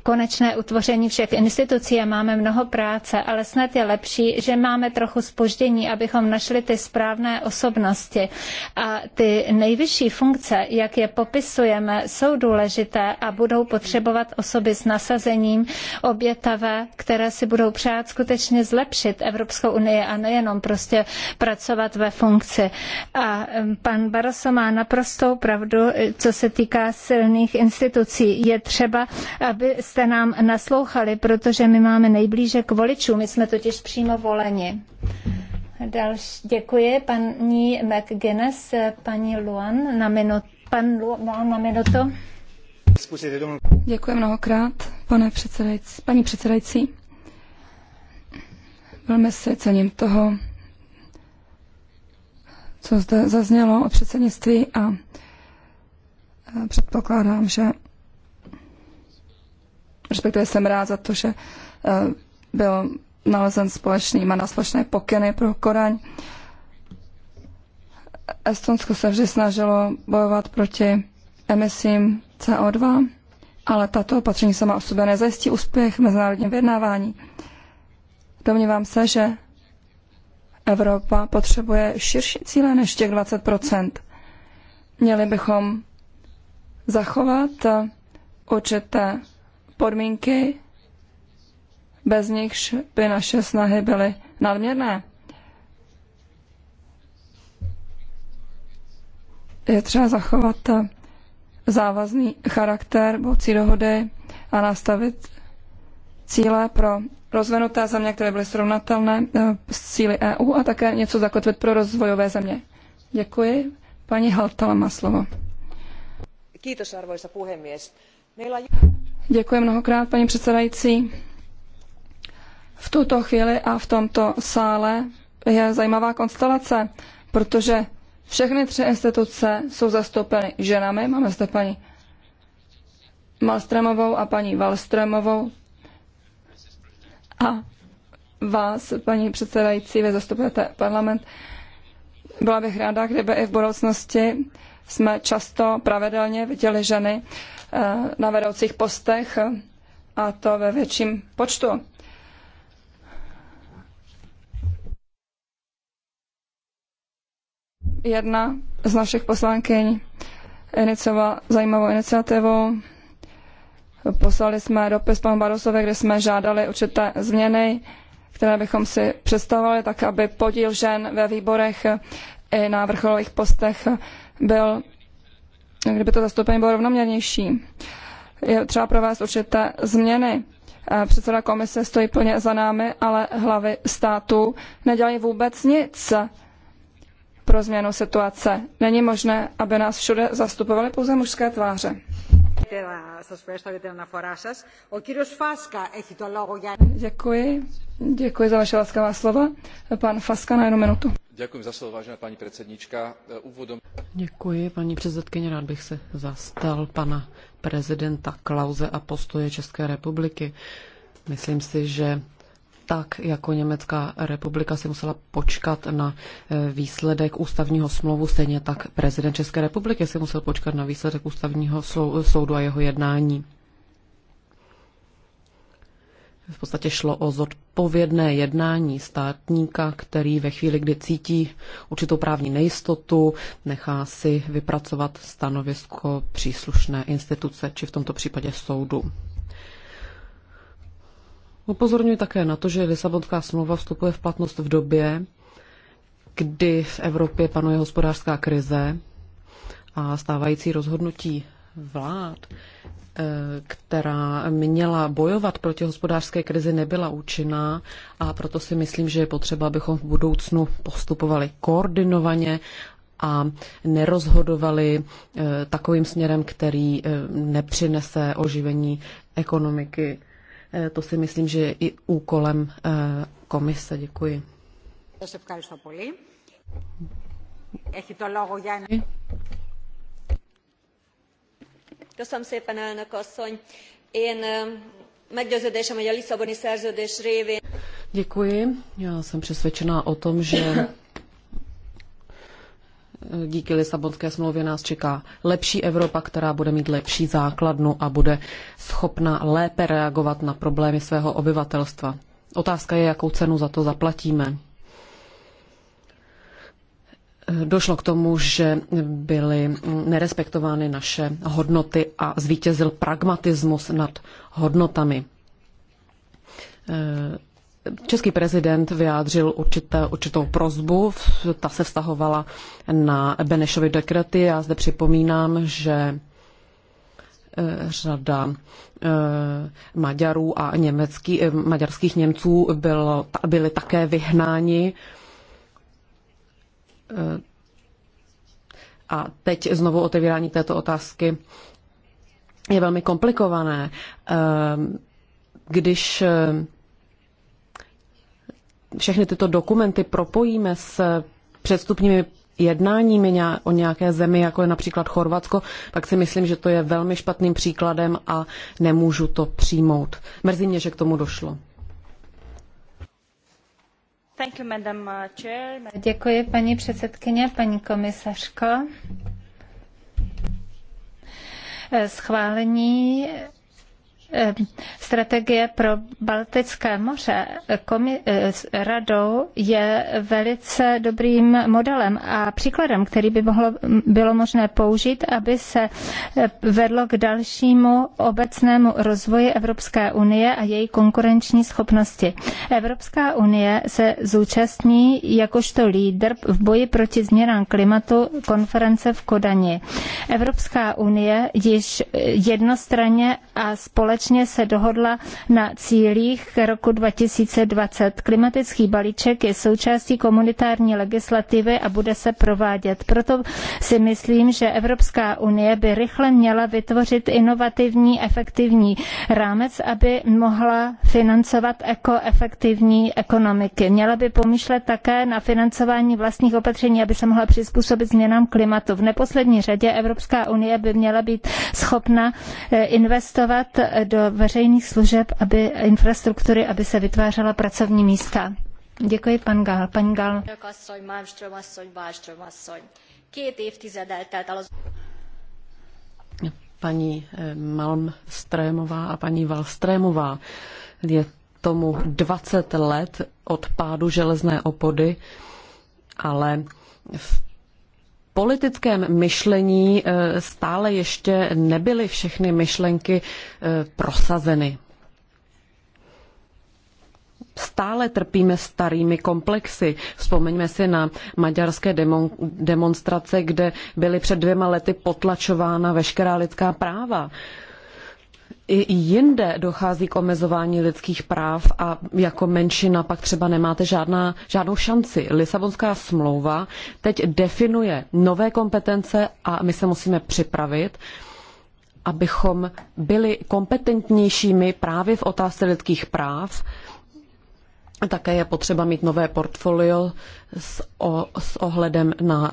konečné utvoření všech institucí a máme mnoho práce, ale snad je lepší, že máme trochu spoždění, abychom našli ty správné osobnosti. A ty nejvyšší funkce, jak je popisujeme, jsou důležité a budou potřebovat osoby s nasazením, obětavé, které si budou přát skutečně zlepšit Evropskou unii a nejenom prostě pracovat ve funkci. A pan Barroso má naprostou pravdu, e, co se týká silných institucí. Je třeba, abyste nám naslouchali, protože my máme nejblíže k voličům, my jsme totiž přímo voleni. Další, děkuji paní McGuinness, paní Luan na minutu. Pan Luan na minutu. Děkuji mnohokrát, pane předsedající, paní předsedající. Velmi si cením toho, co zde zaznělo o předsednictví a předpokládám, že respektive jsem rád za to, že byl nalezen společný, má na společné pokyny pro Koraň. Estonsko se vždy snažilo bojovat proti emisím CO2, ale tato opatření sama o sobě nezajistí úspěch v mezinárodním vyjednávání. Domnívám se, že Evropa potřebuje širší cíle než těch 20 Měli bychom zachovat určité podmínky, bez nichž by naše snahy byly nadměrné. Je třeba zachovat závazný charakter budoucí dohody a nastavit cíle pro rozvinuté země, které byly srovnatelné eh, s cíly EU a také něco zakotvit pro rozvojové země. Děkuji. Paní Haltala má slovo. arvoisa Děkuji mnohokrát, paní předsedající. V tuto chvíli a v tomto sále je zajímavá konstelace, protože všechny tři instituce jsou zastoupeny ženami. Máme zde paní Malstremovou a paní Valstremovou. A vás, paní předsedající, vy zastupujete parlament. Byla bych ráda, kdyby i v budoucnosti jsme často pravidelně viděli ženy eh, na vedoucích postech a to ve větším počtu. jedna z našich poslankyň iniciovala zajímavou iniciativu. Poslali jsme dopis panu Barosovi, kde jsme žádali určité změny, které bychom si představovali, tak aby podíl žen ve výborech i na vrcholových postech byl, kdyby to zastoupení bylo rovnoměrnější. Je třeba provést určité změny. Předseda komise stojí plně za námi, ale hlavy států nedělají vůbec nic pro změnu situace. Není možné, aby nás všude zastupovaly pouze mužské tváře. Děkuji. Děkuji za vaše laskavá slova. Pan Faska na jednu minutu. Děkuji za slovo, vážená paní předsednička. Úvodom... Děkuji, paní předsedkyně. Rád bych se zastal pana prezidenta Klauze a postoje České republiky. Myslím si, že tak jako Německá republika si musela počkat na e, výsledek ústavního smlouvu, stejně tak prezident České republiky si musel počkat na výsledek ústavního soudu a jeho jednání. V podstatě šlo o zodpovědné jednání státníka, který ve chvíli, kdy cítí určitou právní nejistotu, nechá si vypracovat stanovisko příslušné instituce, či v tomto případě soudu. Upozorňuji také na to, že Lisabonská smlouva vstupuje v platnost v době, kdy v Evropě panuje hospodářská krize a stávající rozhodnutí vlád, eh, která měla bojovat proti hospodářské krizi, nebyla účinná a proto si myslím, že je potřeba, abychom v budoucnu postupovali koordinovaně a nerozhodovali eh, takovým směrem, který eh, nepřinese oživení ekonomiky Eh, to si myslím, že je i úkolem eh, komise. Děkuji. Köszönöm szépen, elnök asszony. Én eh, meggyőződésem, hogy a Lisszaboni szerződés révén... Děkuji. Já jsem přesvědčená o tom, že díky Lisabonské smlouvě nás čeká lepší Evropa, která bude mít lepší základnu a bude schopna lépe reagovat na problémy svého obyvatelstva. Otázka je, jakou cenu za to zaplatíme. Došlo k tomu, že byly nerespektovány naše hodnoty a zvítězil pragmatismus nad hodnotami Český prezident vyjádřil určité, určitou prozbu, ta se vztahovala na Benešovy dekrety. Já zde připomínám, že eh, řada eh, Maďarů a německý, eh, maďarských Němců bylo, byli také vyhnáni. A teď znovu otevírání této otázky je velmi komplikované. Když všechny tyto dokumenty propojíme s předstupními jednáními o nějaké zemi, jako je například Chorvatsko, pak si myslím, že to je velmi špatným příkladem a nemůžu to přijmout. Mrzí mě, že k tomu došlo. Uh, Děkuji, paní předsedkyně, paní komisařko. Schválení Eh, strategie pro Baltické moře s eh, radou je velice dobrým modelem a příkladem, který by mohlo, bylo možné použít, aby se eh, vedlo k dalšímu obecnému rozvoji Evropské unie a její konkurenční schopnosti. Evropská unie se zúčastní jakožto lídr v boji proti změnám klimatu konference v Kodani. Evropská unie již jednostranně a společně společně se dohodla na cílích k roku 2020. Klimatický balíček je součástí komunitární legislativy a bude se provádět. Proto si myslím, že Evropská unie by rychle měla vytvořit inovativní, efektivní rámec, aby mohla financovat ekoefektivní ekonomiky. Měla by pomýšlet také na financování vlastních opatření, aby se mohla přizpůsobit změnám klimatu. V neposlední řadě Evropská unie by měla být schopna eh, investovat eh, do veřejných služeb, aby infrastruktury, aby se vytvářela pracovní místa. Děkuji, pan Gál. Paní Gál. Eh, paní Malmstrémová a paní Valstrémová. Je tomu 20 let od pádu železné opody, ale v politickém myšlení eh, stále ještě nebyly všechny myšlenky eh, prosazeny. Stále trpíme starými komplexy. Vzpomeňme si na maďarské demonstrace, kde byly před dvěma lety potlačována veškerá lidská práva i jinde dochází k omezování lidských práv a jako menšina pak třeba nemáte žádná, žádnou šanci. Lisabonská smlouva teď definuje nové kompetence a my se musíme připravit, abychom byli kompetentnějšími právě v otázce lidských práv také je potřeba mít nové portfolio s, o, s ohledem na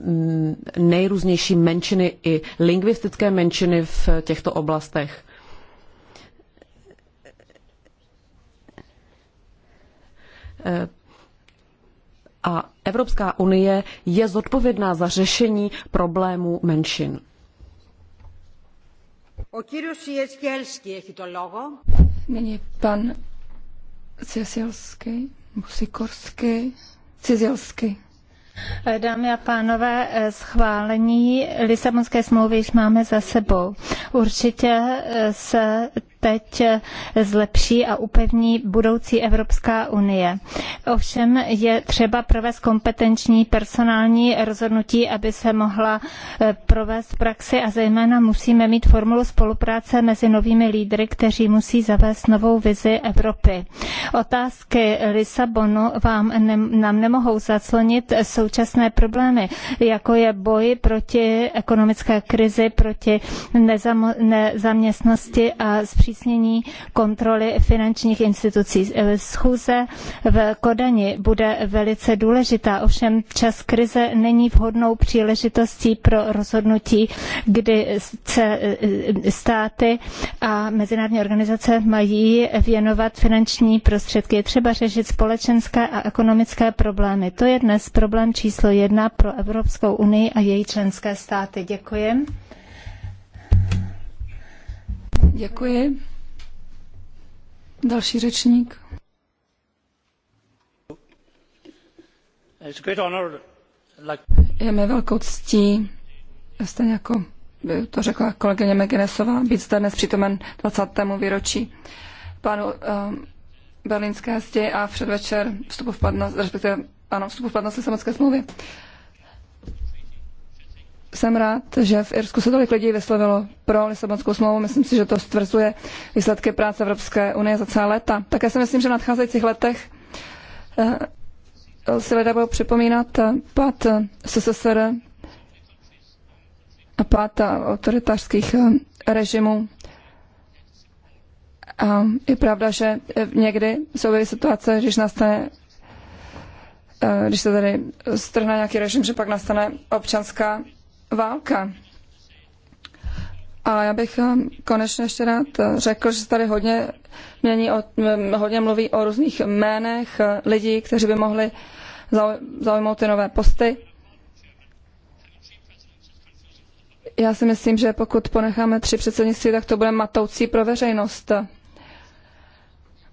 mm, nejrůznější menšiny i lingvistické menšiny v těchto oblastech. A Evropská unie je zodpovědná za řešení problémů menšin. Nyní pan Ciesielsky, Musikorsky, Ciesielsky. Dámy a pánové, eh, schválení Lisabonské smlouvy již máme za sebou. Určitě eh, se teď zlepší a upevní budoucí Evropská unie. Ovšem je třeba provést kompetenční personální rozhodnutí, aby se mohla eh, provést v praxi a zejména musíme mít formulu spolupráce mezi novými lídry, kteří musí zavést novou vizi Evropy. Otázky Lisabonu vám ne, nám nemohou zaclonit současné problémy, jako je boj proti ekonomické krizi, proti nezaměstnosti a zpřísnění kontroly finančních institucí. Schůze v Kodani bude velice důležitá, ovšem čas krize není vhodnou příležitostí pro rozhodnutí, kdy se e, státy a mezinárodní organizace mají věnovat finanční prostředky. Je třeba řešit společenské a ekonomické problémy. To je dnes problém číslo jedna pro Evropskou unii a její členské státy. Děkuji. Děkuji. Další řečník. Je mi velkou ctí, stejně jako to řekla kolegyně McGuinnessová, být zde dnes přítomen 20. výročí plánu um, berlínské zdi a předvečer vstupu v platnost, respektive ano, vstupu v platnost smlouvy. Uh, jsem rád, že v Irsku se tolik lidí vyslovilo pro Lisabonskou smlouvu. Myslím si, že to stvrzuje výsledky práce Evropské unie za celá léta. Také si myslím, že v nadcházejících letech eh, si lidé budou připomínat eh, pad eh, SSSR a pát autoritářských režimů. A je pravda, že někdy jsou byly situace, když nastane když se tady strhne nějaký režim, že pak nastane občanská válka. Ale já bych eh, konečně ještě rád eh, řekl, že se tady hodně, mění o, eh, hodně mluví o různých jménech lidí, kteří by mohli zaujmout ty nové posty. Já si myslím, že pokud ponecháme tři předsednictví, tak to bude matoucí pro veřejnost.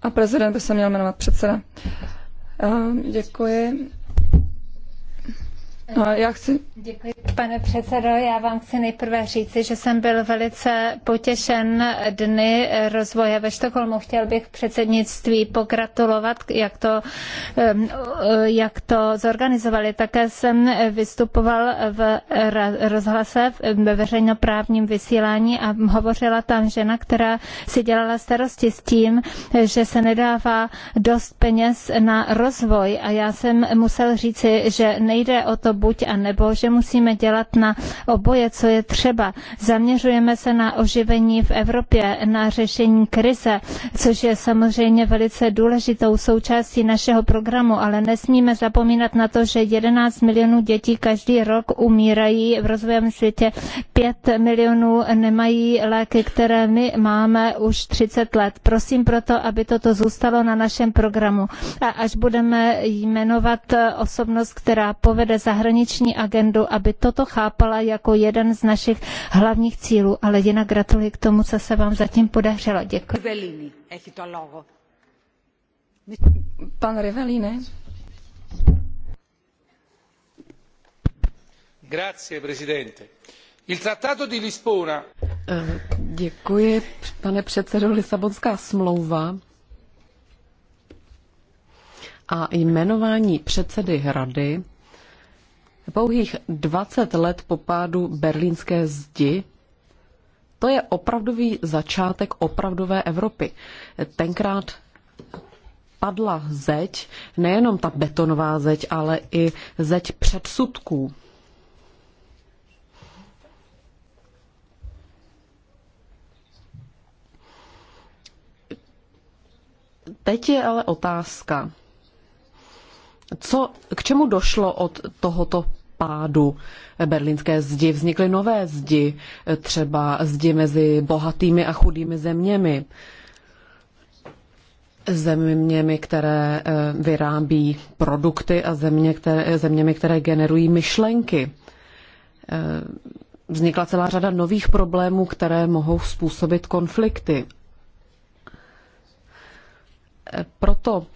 A prezident by se měl jmenovat předseda. Děkuji. No, já chci... Děkuji, pane předsedo. Já vám chci nejprve říci, že jsem byl velice potěšen dny rozvoje ve Štokholmu. Chtěl bych předsednictví pogratulovat, jak to, jak to zorganizovali. Také jsem vystupoval v rozhlase ve veřejnoprávním vysílání a hovořila tam žena, která si dělala starosti s tím, že se nedává dost peněz na rozvoj. A já jsem musel říci, že nejde o to buď a nebo, že musíme dělat na oboje, co je třeba. Zaměřujeme se na oživení v Evropě, na řešení krize, což je samozřejmě velice důležitou součástí našeho programu, ale nesmíme zapomínat na to, že 11 milionů dětí každý rok umírají v rozvojovém světě, 5 milionů nemají léky, které my máme už 30 let. Prosím proto, aby toto zůstalo na našem programu. A až budeme jmenovat osobnost, která povede zahraniční zahraniční agendu, aby toto chápala jako jeden z našich hlavních cílů. Ale jinak gratuluji k tomu, co se vám zatím podařilo. Děkuji. Pan Rivelline. Grazie, presidente. Il trattato di Lisbona. Eh, děkuji, pane předsedo. Lisabonská smlouva a jmenování předsedy rady Pouhých 20 let po pádu berlínské zdi, to je opravdový začátek opravdové Evropy. Tenkrát padla zeď, nejenom ta betonová zeď, ale i zeď předsudků. Teď je ale otázka, co, k čemu došlo od tohoto pádu berlínské zdi? Vznikly nové zdi, třeba zdi mezi bohatými a chudými zeměmi zeměmi, které eh, vyrábí produkty a země, které, zeměmi, které generují myšlenky. Eh, vznikla celá řada nových problémů, které mohou způsobit konflikty. Eh, proto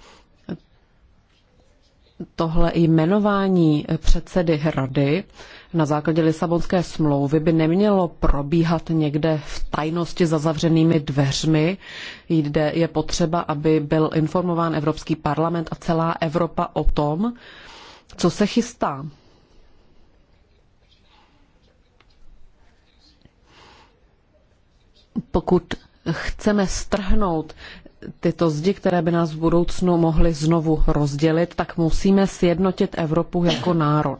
tohle jmenování předsedy rady na základě Lisabonské smlouvy by nemělo probíhat někde v tajnosti za zavřenými dveřmi, kde je potřeba, aby byl informován Evropský parlament a celá Evropa o tom, co se chystá. Pokud chceme strhnout tyto zdi, které by nás v budoucnu mohly znovu rozdělit, tak musíme sjednotit Evropu jako národ.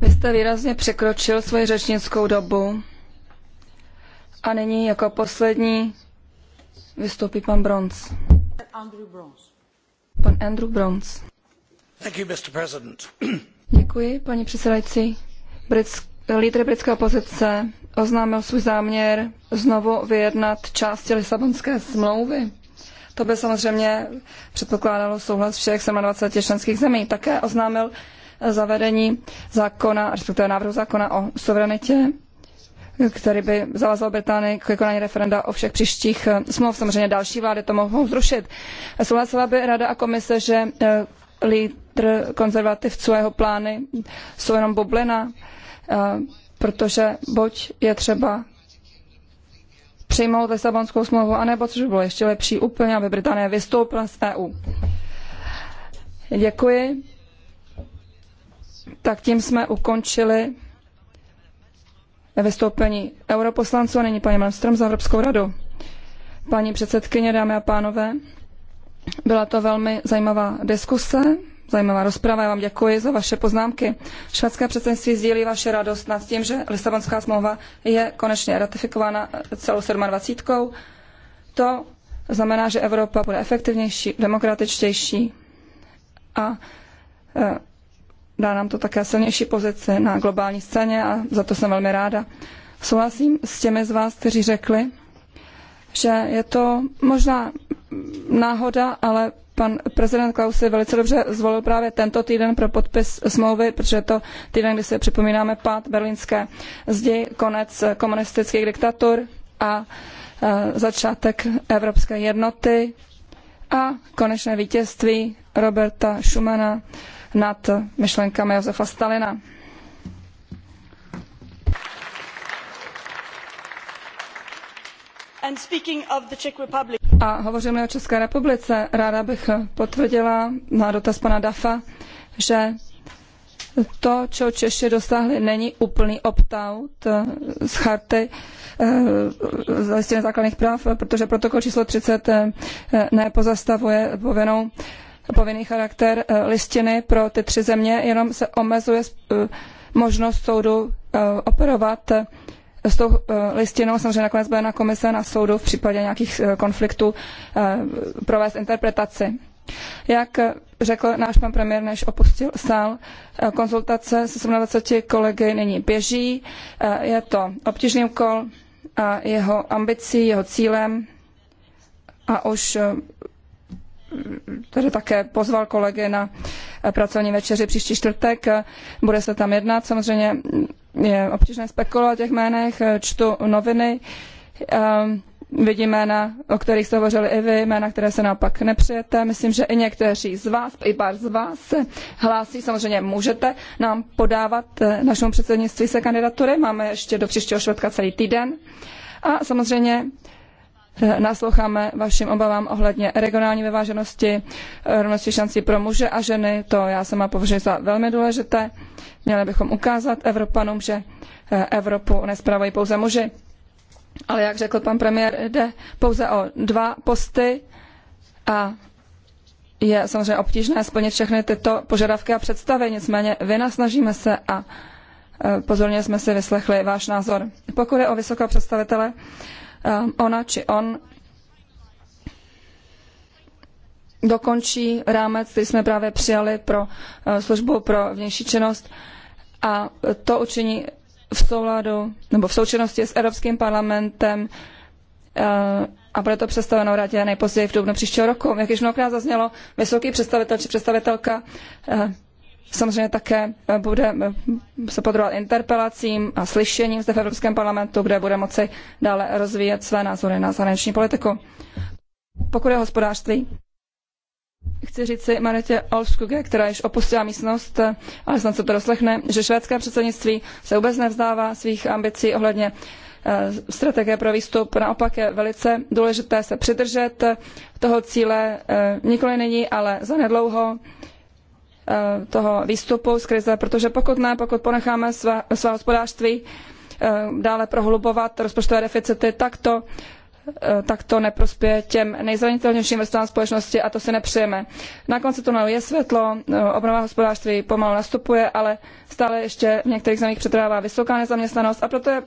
Vy jste výrazně překročil svoji řečnickou dobu a nyní jako poslední vystoupí pan Bronz. Pan Andrew Bronz. Děkuji, paní předsedající. Britský lídr britské opozice oznámil svůj záměr znovu vyjednat části Lisabonské smlouvy. To by samozřejmě předpokládalo souhlas všech 27 členských zemí. Také oznámil zavedení zákona, respektive návrhu zákona o suverenitě, který by zavázal Británii k vykonání referenda o všech příštích eh, smluv. Samozřejmě další vlády to mohou zrušit. Souhlasila by Rada a komise, že eh, lídr konzervativců a jeho plány jsou jenom bublina, Eh, protože buď je třeba přijmout Lisabonskou smlouvu, anebo, což bylo ještě lepší, úplně, aby Británie vystoupila z EU. Děkuji. Tak tím jsme ukončili vystoupení europoslanců a nyní paní Malmström za Evropskou radu. Paní předsedkyně, dámy a pánové, byla to velmi zajímavá diskuse zajímavá rozprava. Já vám děkuji za vaše poznámky. Švédské předsednictví sdílí vaše radost nad tím, že Lisabonská smlouva je konečně ratifikována celou 27. To znamená, že Evropa bude efektivnější, demokratičtější a e, dá nám to také silnější pozici na globální scéně a za to jsem velmi ráda. Souhlasím s těmi z vás, kteří řekli, že je to možná náhoda, ale pan prezident Klaus si velice dobře zvolil právě tento týden pro podpis smlouvy, protože je to týden, kdy si připomínáme pád berlínské zdi, konec komunistických diktatur a e, začátek evropské jednoty a konečné vítězství Roberta Schumana nad myšlenkami Josefa Stalina. A hovoříme o České republice. Ráda bych potvrdila na dotaz pana Dafa, že to, co Češi dosáhli, není úplný opt-out eh, z charty e, základních práv, protože protokol číslo 30 eh, nepozastavuje povinnou povinný charakter listiny pro ty tři země, jenom se omezuje možnost soudu operovat s tou eh, listinou samozřejmě nakonec bude na komise na soudu v případě nějakých eh, konfliktů eh, provést interpretaci. Jak řekl náš pan premiér, než opustil sál, konzultace se 27 kolegy nyní běží. Je to obtížný úkol a jeho ambicí, jeho cílem a už tady také pozval kolegy na pracovní večeři příští čtvrtek. Bude se tam jednat. Samozřejmě je obtížné spekulovat o těch jménech, eh, čtu noviny, ehm, vidím jména, o kterých jste hovořili i vy, jména, které se naopak nepřijete. Myslím, že i někteří z vás, i pár z vás se hlásí. Samozřejmě můžete nám podávat eh, našemu předsednictví se kandidatury. Máme ještě do příštího švedka celý týden. A samozřejmě Eh, nasloucháme vašim obavám ohledně regionální vyváženosti, eh, rovnosti šancí pro muže a ženy. To já sama považuji za velmi důležité. Měli bychom ukázat Evropanům, že eh, Evropu nespravují pouze muži. Ale jak řekl pan premiér, jde pouze o dva posty a je samozřejmě obtížné splnit všechny tyto požadavky a představy, nicméně vynasnažíme se a pozorně jsme si vyslechli váš názor. Pokud je o vysokého představitele, Um, ona či on dokončí rámec, který jsme právě přijali pro uh, službu pro vnější činnost a to učiní v souladu nebo v součinnosti s Evropským parlamentem uh, a bude to představeno radě nejpozději v dubnu příštího roku. Jak již mnohokrát zaznělo, vysoký představitel či představitelka uh, samozřejmě také eh, bude eh, se podrobovat interpelacím a slyšením zde v Evropském parlamentu, kde bude moci dále rozvíjet své názory na zahraniční politiku. Pokud je hospodářství, chci říci Maritě Olskuge, která již opustila místnost, eh, ale snad se to doslechne, že švédské předsednictví se vůbec nevzdává svých ambicí ohledně strategie pro výstup. Naopak je velice důležité se přidržet toho cíle nikoli nyní, ale zanedlouho. nedlouho Eh, toho výstupu z krize, protože pokud ne, pokud ponecháme své, své hospodářství eh, dále prohlubovat rozpočtové deficity, tak to, eh, tak to neprospěje těm nejzranitelnějším vrstvám společnosti a to si nepřejeme. Na konci tunelu je světlo, obnova hospodářství pomalu nastupuje, ale stále ještě v některých zemích přetrvává vysoká nezaměstnanost a proto je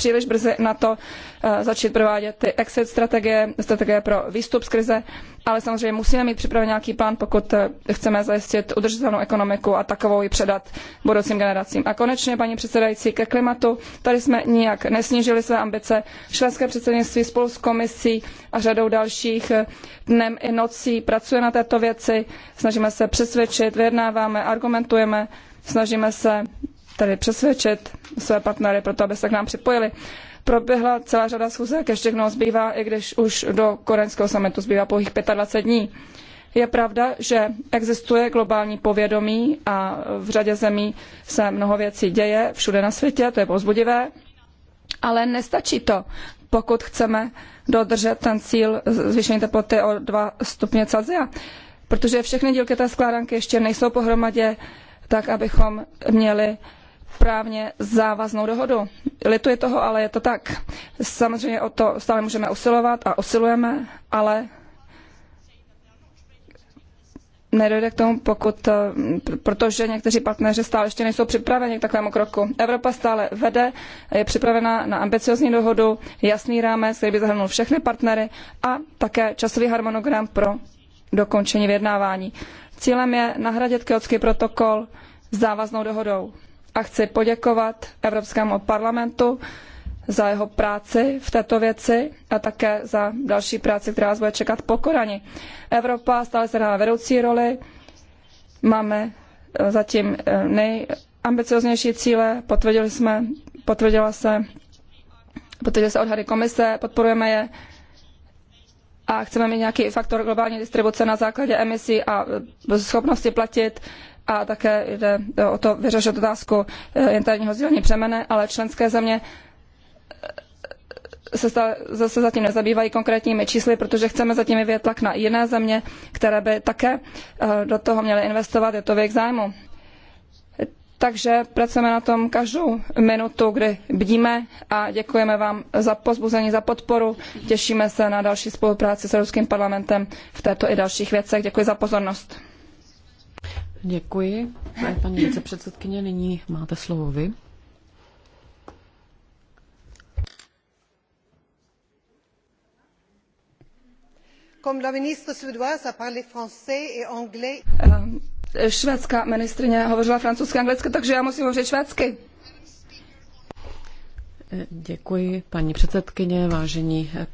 příliš brzy na to eh, začít provádět ty exit strategie, strategie pro výstup z krize, ale samozřejmě musíme mít připraven nějaký plán, pokud eh, chceme zajistit udržitelnou ekonomiku a takovou ji předat budoucím generacím. A konečně, paní předsedající, ke klimatu. Tady jsme nijak nesnížili své ambice. Švédské předsednictví spolu s komisí a řadou dalších eh, dnem i nocí pracuje na této věci. Snažíme se přesvědčit, vyjednáváme, argumentujeme, snažíme se Tady přesvědčit své partnery pro to, aby se k nám připojili. Proběhla celá řada schůzek, ještě mnoho zbývá, i když už do korenského summitu zbývá pouhých 25 dní. Je pravda, že existuje globální povědomí a v řadě zemí se mnoho věcí děje všude na světě, to je pozbudivé, ale nestačí to, pokud chceme dodržet ten cíl zvýšení teploty o 2 stupně Celsia. Protože všechny dílky té skládanky ještě nejsou pohromadě, tak abychom měli právně závaznou dohodu. Lituji toho, ale je to tak. Samozřejmě o to stále můžeme usilovat a usilujeme, ale nedojde k tomu, pokud, eh, protože někteří partneři stále ještě nejsou připraveni k takovému kroku. Evropa stále vede, je připravena na ambiciozní dohodu, jasný rámec, který by zahrnul všechny partnery a také časový harmonogram pro dokončení vyjednávání. Cílem je nahradit Kyotský protokol závaznou dohodou a chci poděkovat Evropskému parlamentu za jeho práci v této věci a také za další práci, která nás bude čekat po Korani. Evropa stále se dává vedoucí roli, máme eh, zatím eh, nejambicioznější cíle, potvrdili jsme, potvrdila se, potvrdili se odhady komise, podporujeme je a chceme mít nějaký faktor globální distribuce na základě emisí a eh, schopnosti platit a také jde e, o to vyřešit otázku e, interního sdělení přemene, ale členské země e, se stále, zase zatím nezabývají konkrétními čísly, protože chceme zatím vyvět tlak na jiné země, které by také do toho měly investovat, je to v jejich zájmu. Takže pracujeme na tom každou minutu, kdy bdíme a děkujeme vám za pozbuzení, za podporu. Těšíme se na další spolupráci s Evropským parlamentem v této i dalších věcech. Děkuji za pozornost. Děkuji. Paní vicepředsedkyně, nyní máte slovo vy. ministre a eh, švédská ministrině hovořila francouzsky a anglicky, takže já musím hovořit švédsky. Eh, děkuji, paní předsedkyně, vážení eh,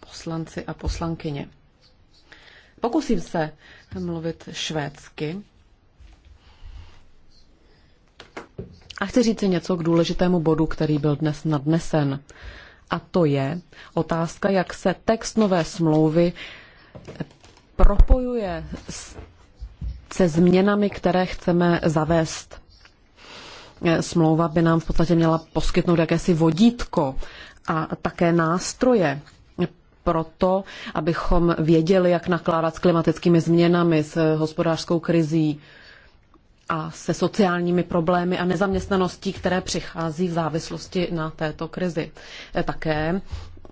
poslanci a poslankyně. Pokusím se mluvit švédsky. A chci říct něco k důležitému bodu, který byl dnes nadnesen. A to je otázka, jak se text nové smlouvy propojuje se změnami, které chceme zavést. Eh, smlouva by nám v podstatě měla poskytnout jakési vodítko a také nástroje proto, abychom věděli, jak nakládat s klimatickými změnami, s hospodářskou krizí, a se sociálními problémy a nezaměstnaností, které přichází v závislosti na této krizi. E, také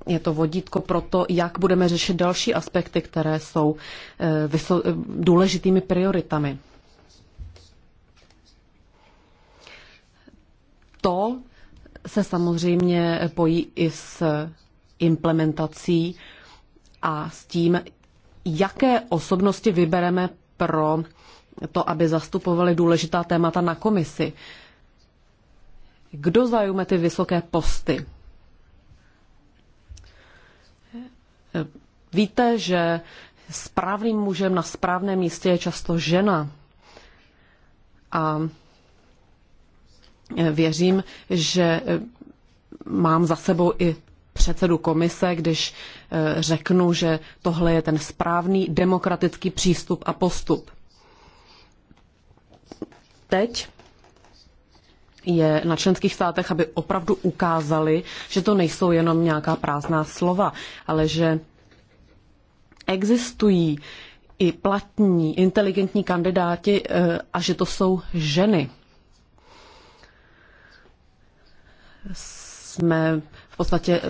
je to vodítko pro to, jak budeme řešit další aspekty, které jsou e, e, důležitými prioritami. To se samozřejmě pojí i s implementací a s tím, jaké osobnosti vybereme pro to, aby zastupovali důležitá témata na komisi. Kdo zajme ty vysoké posty? Víte, že správným mužem na správném místě je často žena. A věřím, že mám za sebou i předsedu komise, když eh, řeknu, že tohle je ten správný demokratický přístup a postup teď je na členských státech, aby opravdu ukázali, že to nejsou jenom nějaká prázdná slova, ale že existují i platní, inteligentní kandidáti eh, a že to jsou ženy. Jsme v podstatě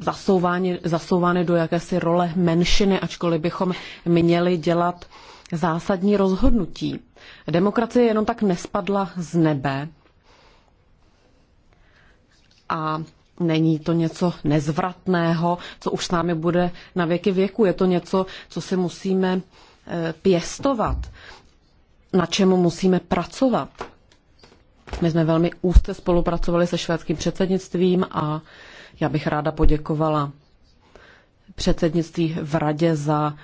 zasouváni, zasouváni do jakési role menšiny, ačkoliv bychom měli dělat zásadní rozhodnutí. Demokracie jenom tak nespadla z nebe a není to něco nezvratného, co už s námi bude na věky věku. Je to něco, co si musíme e, pěstovat, na čemu musíme pracovat. My jsme velmi úzce spolupracovali se švédským předsednictvím a já bych ráda poděkovala předsednictví v radě za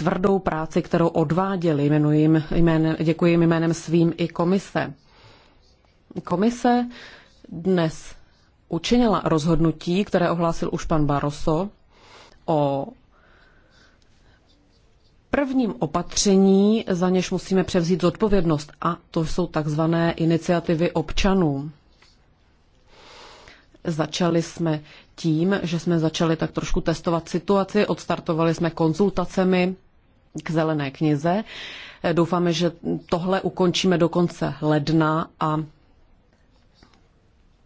tvrdou práci, kterou odváděli. Jmenuji jménem, děkuji jim jménem svým i komise. Komise dnes učinila rozhodnutí, které ohlásil už pan Barroso, o prvním opatření, za něž musíme převzít zodpovědnost, a to jsou takzvané iniciativy občanů. Začali jsme tím, že jsme začali tak trošku testovat situaci, odstartovali jsme konzultacemi k zelené knize. Doufáme, že tohle ukončíme do konce ledna a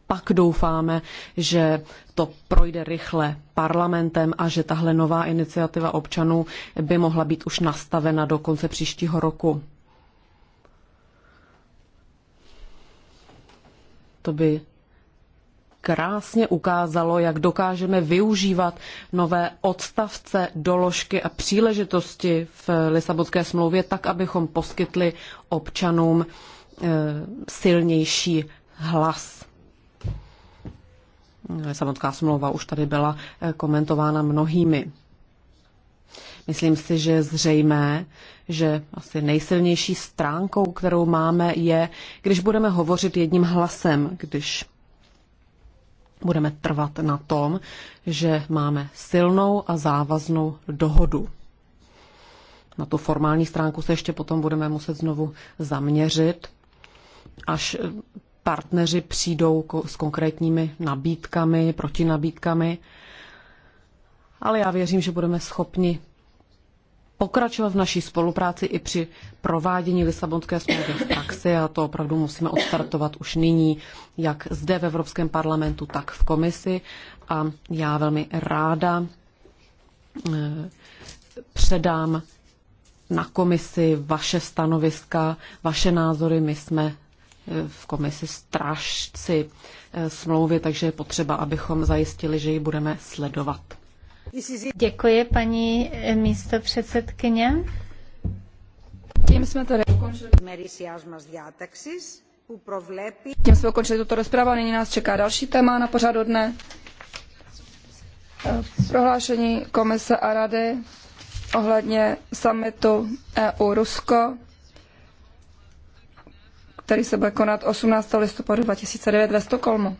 pak doufáme, že to projde rychle parlamentem a že tahle nová iniciativa občanů by mohla být už nastavena do konce příštího roku. To by krásně ukázalo, jak dokážeme využívat nové odstavce, doložky a příležitosti v Lisabonské smlouvě tak, abychom poskytli občanům eh, silnější hlas. Lisabonská smlouva už tady byla eh, komentována mnohými. Myslím si, že je zřejmé, že asi nejsilnější stránkou, kterou máme, je, když budeme hovořit jedním hlasem, když budeme trvat na tom, že máme silnou a závaznou dohodu. Na tu formální stránku se ještě potom budeme muset znovu zaměřit, až partneři přijdou s konkrétními nabídkami, protinabídkami. Ale já věřím, že budeme schopni pokračovat v naší spolupráci i při provádění Lisabonské smlouvy v praxi a to opravdu musíme odstartovat už nyní, jak zde v Evropském parlamentu, tak v komisi. A já velmi ráda eh, předám na komisi vaše stanoviska, vaše názory. My jsme eh, v komisi strážci eh, smlouvy, takže je potřeba, abychom zajistili, že ji budeme sledovat. Děkuji, paní místo předsedkyně. Tím jsme tady ukončili. Tím jsme ukončili tuto rozpravu a nyní nás čeká další téma na pořadu dne. Eh, prohlášení komise a rady ohledně summitu EU-Rusko, který se bude konat 18. listopadu 2009 ve Stockholmu.